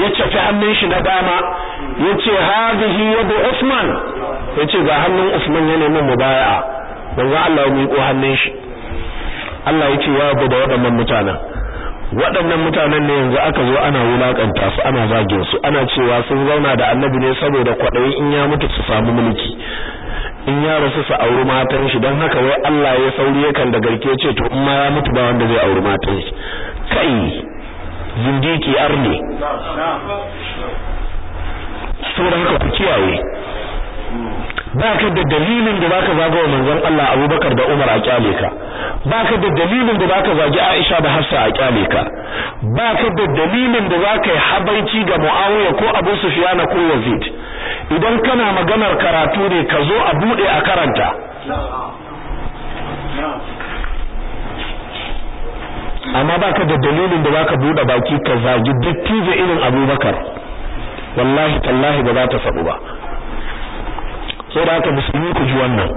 ya cafi hannun shi na dama yace ce ya bu Usman yace ga hannun Usman ya nemi mubaya'a manzo Allah ya miƙo hannun shi Allah ya ce ya da waɗannan mutanen waɗannan mutanen ne yanzu aka zo ana wulakanta su ana zage su ana cewa sun zauna da annabi ne saboda kwaɗayi in ya mutu su samu mulki in ya rasu su auri matan shi don haka wai Allah ya sauri yakan da garke ce to in ma ya mutu ba wanda zai auri matan shi kai zindiki arne da haka ku kiyaye ba ka da dalilin da zaka zaga wa manzon Allah Abubakar da Umar a kyale ka ba ka da dalilin da zaka zagi Aisha da Hafsa a kyale ka ba ka da dalilin da zaka yi habaici ga Muawiya ko Abu Sufyan ko Yazid idan kana maganar karatu ne ka zo a bude a karanta amma baka da dalilin da zaka bude baki ka zagi dattijo irin Abubakar wallahi tallahi ba za ta sabu ba saboda haka musulmi ku ji wannan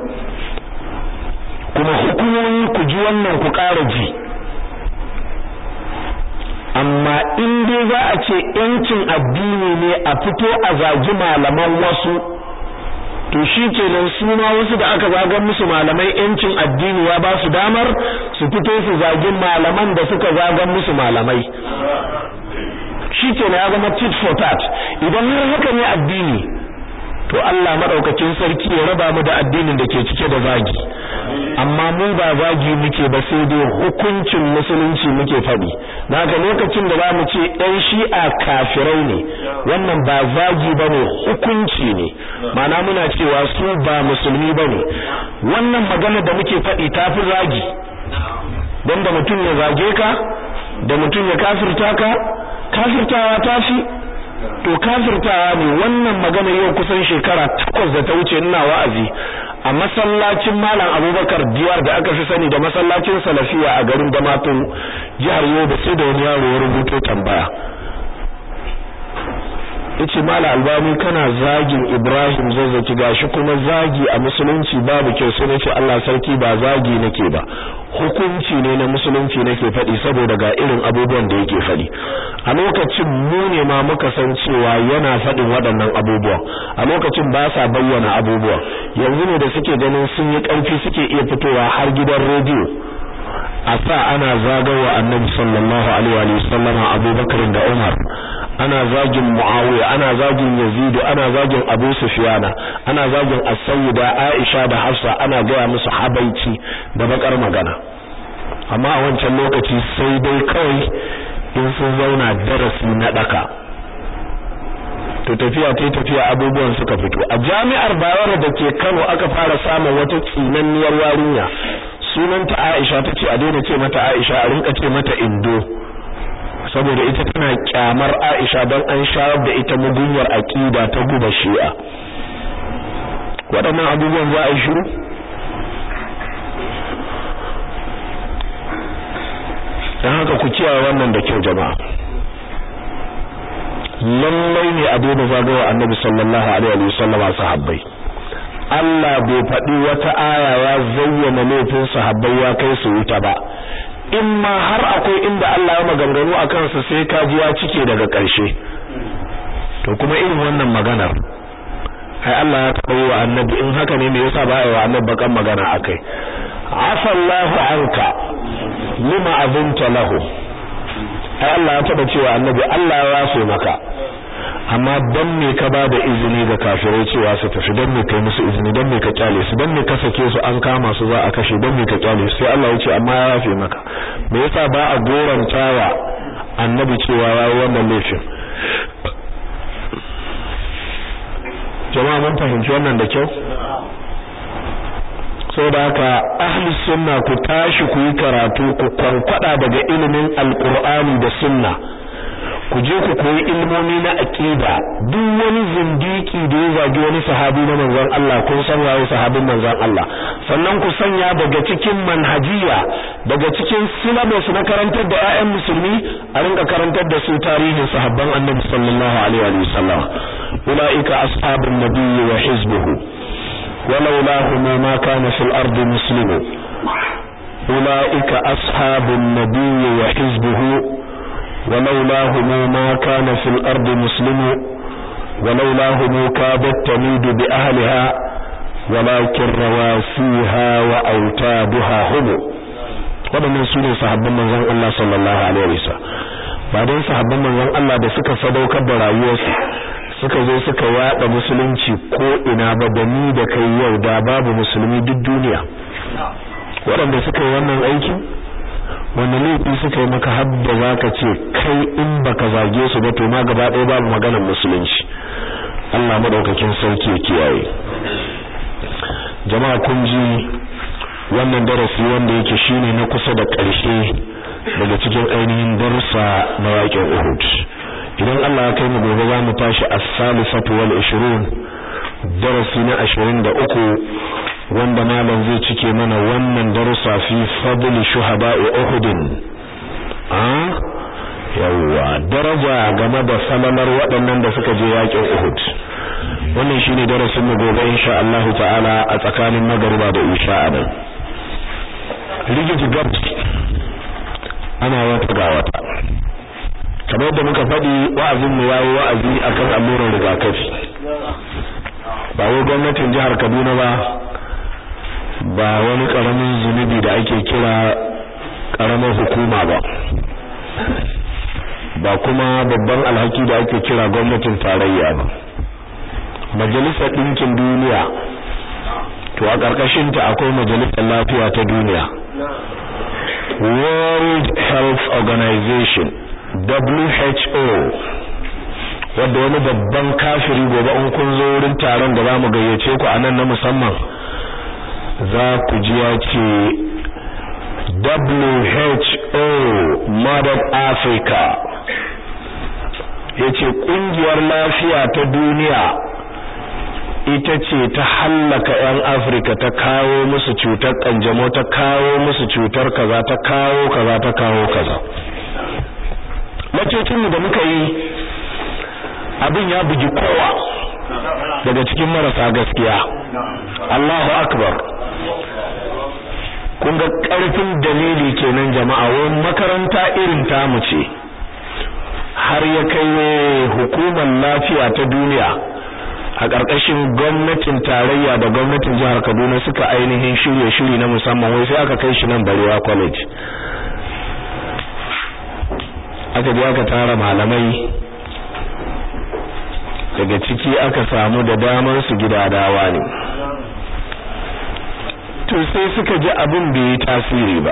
kuma hukumomi ku ji wannan ku ƙara ji amma in dai za a ce yancin addini ne a fito a zagi malaman wasu to shi suma su ma wasu da aka zagar musu malamai yancin addini ya ba su damar su fito su zagin malaman da suka zagar musu malamai shi na ya zama tit for tat idan har haka ne addini to Allah maɗaukacin sarki ya raba mu da addinin da ke cike da zagi amma mu ba zagi muke ba sai dai hukuncin musulunci muke faɗi don haka lokacin da zamu ce ɗan shi'a kafirai ne wannan ba zagi ba ne hukunci ne ma'ana muna cewa su ba musulmi ba ne wannan magana da muke faɗi ta fi zagi don da mutum ya zage ka da mutum ya kafirta ka kafirtawa ta fi to kafirtawa ne wannan magana yau kusan shekara takwas da ta wuce ina wa'azi a masallacin malam abubakar diyar da aka fi sani da masallacin salafiya a garin damatun jihar Yau da sai da wani yaro ya rubuto tambaya yace mala albani kana zagin ibrahim zazzaki gashi kuma zagi a musulunci babu kyau sai nace Allah sarki ba zagi nake ba hukunci ne na musulunci nake faɗi saboda ga irin abubuwan da yake faɗi a lokacin mu ne ma muka san cewa yana faɗin waɗannan abubuwan a lokacin ba sa bayyana abubuwa yanzu ne da suke ganin sun yi ƙarfi suke iya fitowa har gidan rediyo a sa ana zagawa annabi sallallahu alaihi wa sallama abubakar da umar ana zagin muawiya ana zagin yazidu ana zagin abu sufyana ana zagin as aisha da hafsa ana gaya musu habaici da bakar magana amma a wancan lokaci sai dai kawai in sun zauna darasi na daka to tafiya ta tafiya abubuwan suka fito a jami'ar bayar da ke Kano aka fara samun wata tsinanniyar yarinya sunanta Aisha tace a daina ce mata Aisha a rinka ce mata Indo saboda ita tana kyamar Aisha don an shayar da ita mugunyar aqida ta guba Shi'a waɗannan abubuwan za a yi shiru dan haka ku kiyaye wannan da kyau jama'a lallai ne a da zagawa annabi sallallahu alaihi wasallam sahabbai Allah bai faɗi wata aya ya zayyana laifin sahabbai ya kai su wuta ba in ma har akwai inda Allah ya maganganu a kansa sai ka ji ya cike daga ƙarshe to kuma irin wannan maganar ai Allah ya taɓa yi wa annabi in haka ne me yasa ba yi wa annabi bakan magana akai afa Allahu anka lima azunta lahu ai Allah ya taɓa cewa annabi Allah ya rasu maka amma don me ka ba da izini ga kafirai cewa su tafi don me kai musu izini don me ka kyale su don me ka sake su an kama su za a kashe don me ka kyale su sai Allah ya ce amma ya rafe maka me yasa ba a gorantawa annabi cewa yi wannan laifin jama'a mun fahimci wannan da kyau da haka ahli sunna ku tashi ku yi karatu ku kwankwada daga ilimin alqur'ani da sunna ku je ku koyi ilmomi na aqida duk wani zindiki da ya zagi wani sahabi na manzon Allah kun san waye sahabin manzon Allah sannan ku sanya daga cikin manhajiya daga cikin syllabus na karantar da ƴaƴan musulmi a rinka karantar da su tarihin sahabban Annabi sallallahu alaihi wa sallam ulaika ashabun nabiyyi wa hizbuhu ولولاهما ما كان في الأرض مسلم أولئك أصحاب النبي وحزبه ولولاهم ما كان في الأرض مسلم ولولاهم كادت تميد بأهلها ولكن رواسيها وأوتادها هم waɗannan su ne sahabban manzon Allah sallallahu alaihi wasallam ba dai sahabban manzon Allah da suka sadaukar da rayuwarsu suka zo suka yada musulunci ko ina ba da ni da kai yau da babu musulmi duk duniya waɗanda suka yi wannan aikin wanda laifi suka yi maka har za ka ce kai in baka zage su ba to ma gaba ɗaya babu maganar musulunci Allah maɗaukakin sarki ya kiyaye jama'a kun ji wannan darasi wanda yake shine na kusa da ƙarshe daga cikin ainihin darsa na yaƙin Uhud idan Allah ya kai mu gobe za mu tashi as-salisatu wal 20 darasi na uku. wanda malam zai cike mana wannan darussa fi fadli shuhada'i uhud ah yawa daraja game da salamar waɗannan da suka je yakin uhud wannan shine darasin mu gobe insha Allah ta'ala a tsakanin magariba da isha nan. rigiji gabti ana wata ga wata kamar da muka faɗi wa'azin mu yayi wa'azi akan allurar rigakafi ba wai gwamnatin jihar Kaduna ba ba wani karamin zunubi da ake kira karamin hukuma ba ba kuma babban alhaki da ake kira gwamnatin tarayya ba majalisar ɗinkin duniya to a ta akwai majalisar lafiya ta duniya world health organization who wadda wani babban kafiri gobe in kun zo wurin taron da za mu gayyace ku a nan na musamman za ku ji ya ce WHO Modern Africa ya ce ƙungiyar lafiya ta duniya ita ce ta hallaka 'yan Afirka ta kawo musu cutar ƙanjamo ta kawo musu cutar kaza ta kawo kaza ta kawo kaza. Macocinmu da muka yi abin ya bugi kowa daga cikin marasa gaskiya. Allahu Akbar. kun ga ƙarfin dalili kenan jama'a wai makaranta irin ta mu ce har ya kai hukumar lafiya ta duniya a ƙarƙashin gwamnatin tarayya da gwamnatin jihar Kaduna suka ainihin shirye shiri na musamman wai sai aka kai shi nan Barewa College aka je aka tara malamai daga ciki aka samu da damar su gida dawa ne to sai suka ji abin bai yi tasiri ba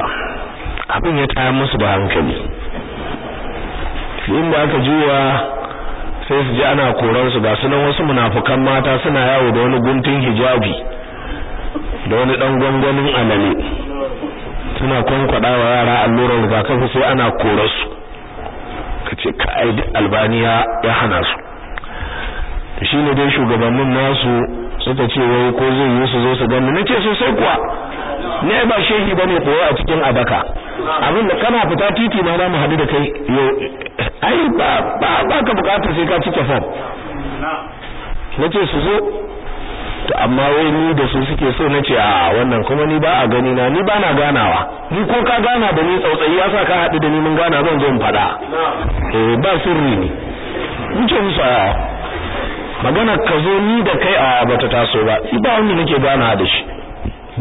abin ya taya musu da hankali inda aka juwa sai su ji ana koran su ga sunan wasu munafukan mata suna yawo da wani guntun hijabi da wani dan gwangwanin alale suna kwankwada wa yara allurar rigakafi sai ana koran su ce kai albaniya ya hana su shi ne dai shugabannin nasu suka ce wai ko zai yi su zo su gani ce sosai kuwa ne ba shehi bane koyo a cikin abaka abin da kana fita titi ma za mu haɗu da kai ai ba ba ba ka bukata sai ka cike form ce su zo to amma wai ni da su suke so ce a wannan kuma ni ba a gani na ni ba na ganawa ni ko ka gana da ni tsautsayi yasa ka haɗu da ni mun gana zan zo mu faɗa eh ba sirri ne mu ce musu a magana ka zo ni da kai a bata taso ba shi ba wanda nake gana da shi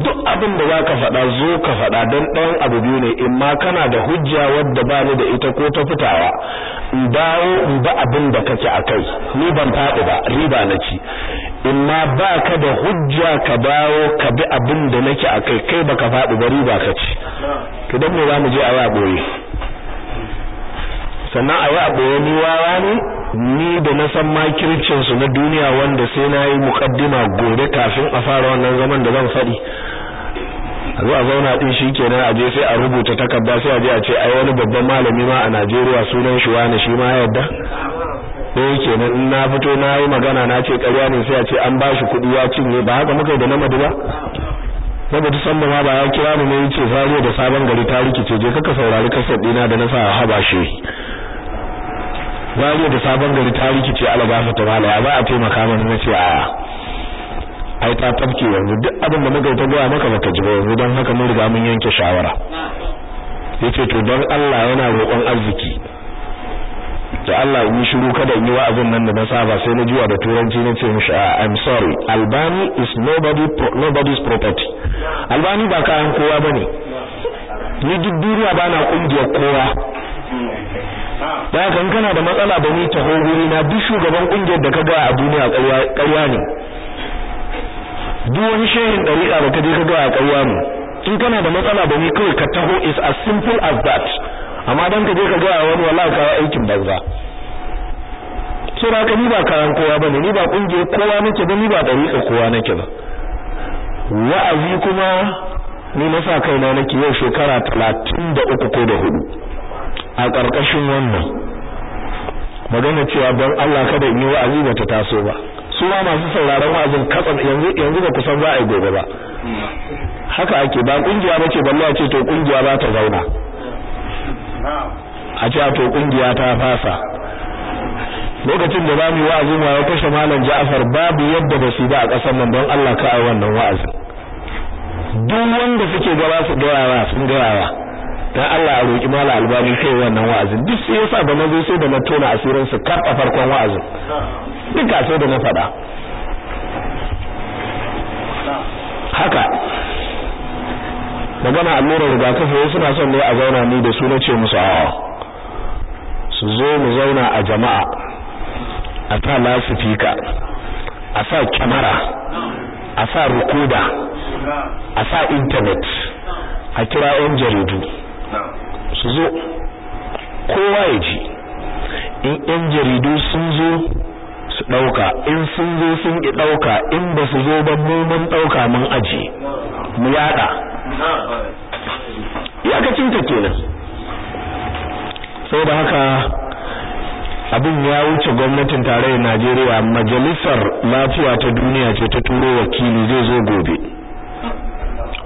duk abin da zaka faɗa zo ka faɗa dan ɗan abu biyu ne in ma kana da hujja wadda ba ni da ita ko ta fitawa in dawo in ba abin da kake kai ni ban faɗi ba riba na ci in ma ba ka da hujja ka dawo ka bi abin da nake a kai kai baka faɗi ba riba ka ci to dan me za mu je a boye sannan a yi boye ni wawa ne ni da na san makircin su na duniya wanda sai na yi mukaddima gobe kafin a fara wannan zaman da zan faɗi a zo a zauna din shikenan a je sai a rubuta takarda sai a je a ce ai wani babban malami ma a Najeriya sunan shi wani shi ma yadda ko eh kenan in na fito na yi magana na ce ƙarya ne sai a ce an bashi kuɗi ya cinye ba haka muka da namadi ba saboda duk san ma ba ya kira mu ne yace zariya da sabon gari ta rikice je kaka saurari kasar dina da na sa haba habashe zariya da sabon gari ta rikice alaba ta mala ya ba a taimaka mana na ce a ai ta tabke yanzu duk abin da muka ta goya maka baka ji ba yanzu dan haka mun riga mun yanke shawara yace to don Allah yana roƙon arziki to Allah yi shiru kada in yi wa'azin nan da na saba sai na juwa da turanci na ce mishi I'm sorry Albani is nobody pro, nobody's property Albani ba kayan kowa bane ni duk duniya bana kungiyar kowa da kana da matsala da ni taho guri na duk shugaban kungiyar da ka ga a duniya ƙarya ne duk wani shehin ɗariƙa da ka je ka ga a ƙarya ne in kana da matsala da ni kai ka taho is as simple as that amma dan ka je ka ga wani wallahi ka aikin banza ka ni ba karan kowa bane ni ba kungiyar kowa nake ba ni ba ɗariƙa kowa nake ba wa'azi kuma ni na sa kaina nake yau shekara talatin da uku ko da hudu a ƙarƙashin wannan magana cewa don Allah kada in yi wa'azi ba ta taso ba su ma masu sauraron wa'azin katsan yanzu yanzu ba kusan za a yi gobe ba haka ake ba kungiya bace balle ce to kungiya za ta zauna a ce to kungiya ta fasa lokacin da zamu wa'azi ma ya kashe malam Ja'far babu yadda ba su ba a ƙasar nan don Allah ka ai wannan wa'azin duk wanda suke gaba su gayawa sun gayawa dan Allah a roki mala albani kai wannan wa'azin duk sai yasa da mazo sai da na tona asirin su kar a farkon wa'azin duka sai da na faɗa haka magana allurar rigakafi wasu suna son ne a zauna ni da su nace musu a su zo mu zauna a jama'a a ta lasifika a sa kyamara a sa rikoda a sa intanet a kira 'yan jaridu su zo kowa ya ji in yan jaridu sun zo su dauka in sun zo sun yi dauka in ba su zo ba mu mun dauka mun aji mu yada iyakacin ta kenan da haka abin ya wuce gwamnatin tarayyar Najeriya majalisar lafiya ta duniya ce ta turo wakili zai zo gobe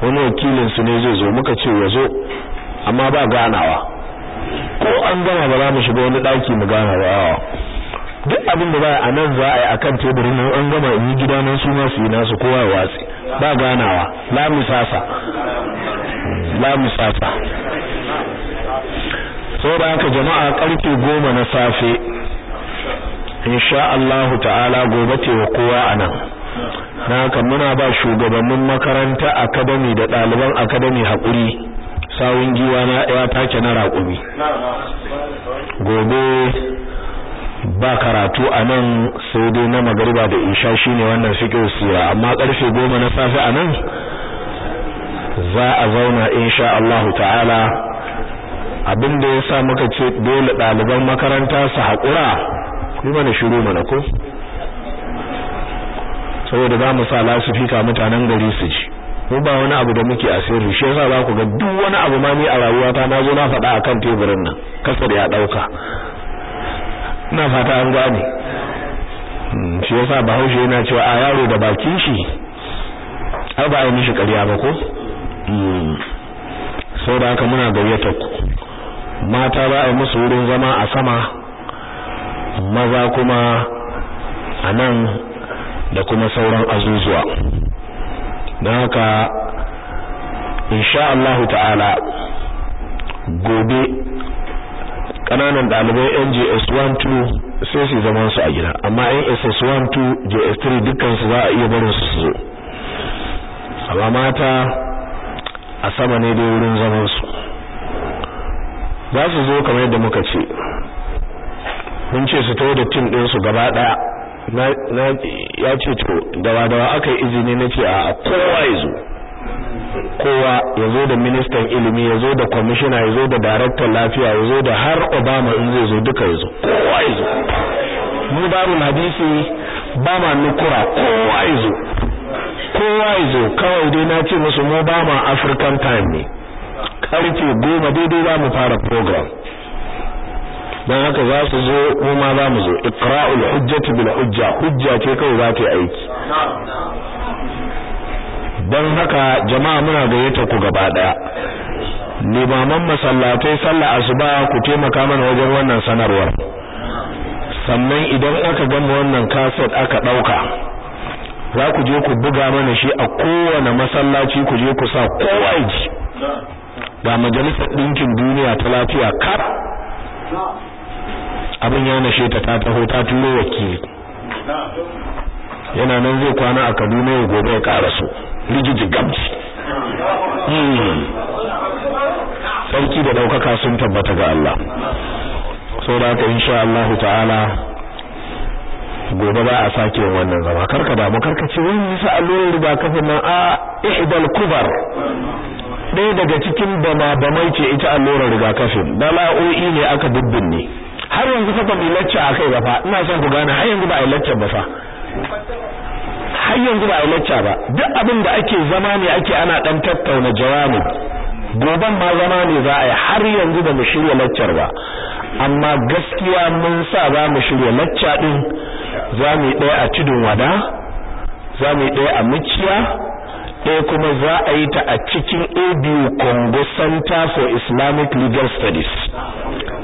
wani wakilinsu ne zai zo muka ce ya zo amma ba ganawa ko an gama ba za mu shiga wani daki mu gana ba duk abin da ba a nan za a yi akan teburin nan an gama yi gida nan su masu yi nasu kowa ya watsi ba ganawa la misasa la musasa saboda haka jama'a karfe goma na safe insha Allah ta'ala gobe wa kowa anan na haka muna ba shugabannin makaranta akadami da ɗaliban akadami haƙuri sawun giwa na ya take na raƙumi gobe ba karatu a nan sai dai na magariba da isha shine wannan suke siya amma karfe goma na safe a nan za a zauna insha Allah ta'ala abin da sa muka ce dole ɗaliban makaranta su haƙura ku mana shiru mana ko saboda za mu sa lasifika mutanen gari su ji mu ba wani abu da muke a sirri shi yasa za ku ga duk wani abu ma ni a rayuwata na zo na faɗa akan teburin nan kasar ya ɗauka ina fata an gane hmm, shi yasa bahaushe yana cewa a yaro da bakin shi har ba a yi mishi ƙarya ba ko hmm, sau da haka muna gayyata ku mata ba a yi musu wurin zama a sama maza kuma a nan da kuma sauran azuzuwa da haka insha Allah ta'ala gobe kananan dalibai yan 1-2 sai su zama su a gida amma yan ss 2 js3 dukansu za a iya barin su su amma mata a sama ne dai wurin zaman su za su zo kamar yadda muka ce mun ce su tawo da tim ɗinsu gaba ɗaya ya ce to dawa dawa aka yi izini na ce a kowa ya zo kowa ya zo da ministan ilimi ya zo da kwamishina ya zo da daraktan lafiya ya zo da har obama in zai zo duka ya zo kowa ya zo mu darul hadisi ba ma nukura kowa ya zo kowa ya zo kawai dai na ce musu mu ba ma african time ne karfe goma daidai za mu fara program don haka za su zo kuma za mu zo ikra'ul hujjati bil hujja hujja ce kawai za ta yi aiki don haka jama'a muna gayyata ku gaba daya limaman masallatai sallah asuba ku taimaka mana wajen wannan sanarwar sannan idan aka gama wannan kaset aka dauka za ku je ku buga mana shi a kowane masallaci ku je ku sa kowa ji ga majalisar ɗinkin duniya ta lafiya kar abin ya nashe ta ta taho ta turo wakili yana nan zai kwana a kaduna ya gobe ya so rigiji gamji hmm. sarki da daukaka sun tabbata ga Allah aka haka insha Allah ta'ala gobe ba a sake yin wannan zama karka damu karka ce wani yasa allurar rigakafin nan a ihdal kubar ɗaya daga cikin bama bamai ce ita allurar rigakafin la'o'i ne aka ne. har yanzu fa ban lacca akai ba fa ina son ku gane har yanzu ba a lacca ba fa har yanzu ba ba duk abin da ake zama ne ake ana dan tattauna jawabi goban ma zama ne za a yi har yanzu ba mu shirya laccar ba amma gaskiya mun sa ba mu shirya lacca din za mu yi ɗaya a tudun wada za mu yi ɗaya a muciya ɗaya kuma za a yi ta a cikin abu congo center for islamic legal studies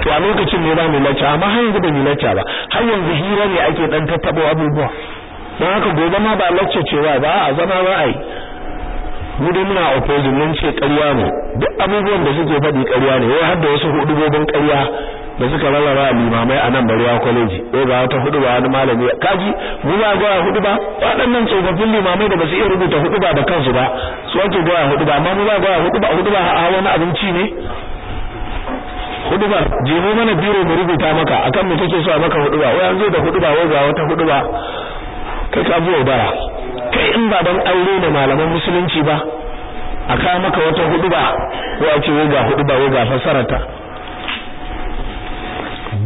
to a lokacin ne ba mu lacca amma har yanzu ban lacca ba har yanzu hira ne ake dan tattabo abubuwa don haka gobe ma ba lacca cewa ba a zama ba a yi mu dai muna opposing mun ce ƙarya ne duk abubuwan da suke faɗi ƙarya ne wai har da wasu hudubobin ƙarya da suka rarraba a limamai a nan barewa kwaleji ko ga ta hudu ba wani malami kaji mu ba goya hudu ba waɗannan tsofaffin limamai da ba su iya rubuta hudu ba da kansu ba su ake goya hudu ba amma mu ba goya hudu ba hudu ba a wani abinci ne hudu ba je mu mana biro mu rubuta maka akan me kake so a maka hudu ba wai an zo da hudu ba wai ga wata hudu ba kai ka buwa bara kai in ba dan aure ne malaman musulunci ba a kawo maka wata hudu ba ko a ce wai ga hudu ba wai ga fasarata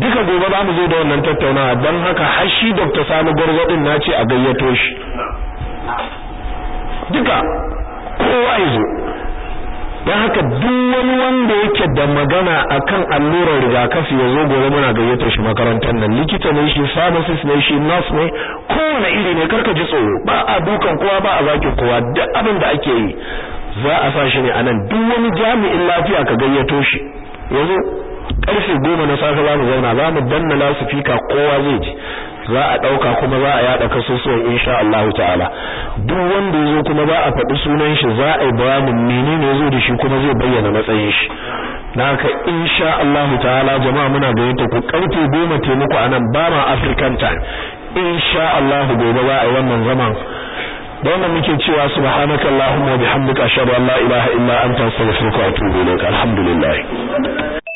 duka gobe za mu zo da wannan tattaunawa don haka har shi Dr. sami Gwargwadin na ce a gayyato shi duka kowa ya zo don haka duk wani wanda yake da magana akan allurar rigakafi ya zo gobe muna gayyato shi makarantar nan likita ne shi pharmacist ne shi nurse ne kowane iri ne karka ji tsoro ba a dukan kowa ba a zaki kowa duk abin da ake yi za a sa shi ne a nan duk wani jami'in lafiya ka gayyato shi ya karfe goma na safe za mu zauna za mu danna lasifika kowa zai ji za a ɗauka kuma za a yada kasusuwan insha Allah ta'ala duk wanda ya zo kuma za a faɗi sunan shi za a yi bayanin menene yazo da shi kuma zai bayyana matsayin shi haka insha Allah ta'ala jama'a muna yanta ku karfe goma taimako anan ba ma African time insha Allah gobe za a yi wannan zaman da wannan muke cewa subhanaka allahumma wa bihamdika ashhadu an la ilaha illa anta astaghfiruka wa atubu ilaik alhamdulillah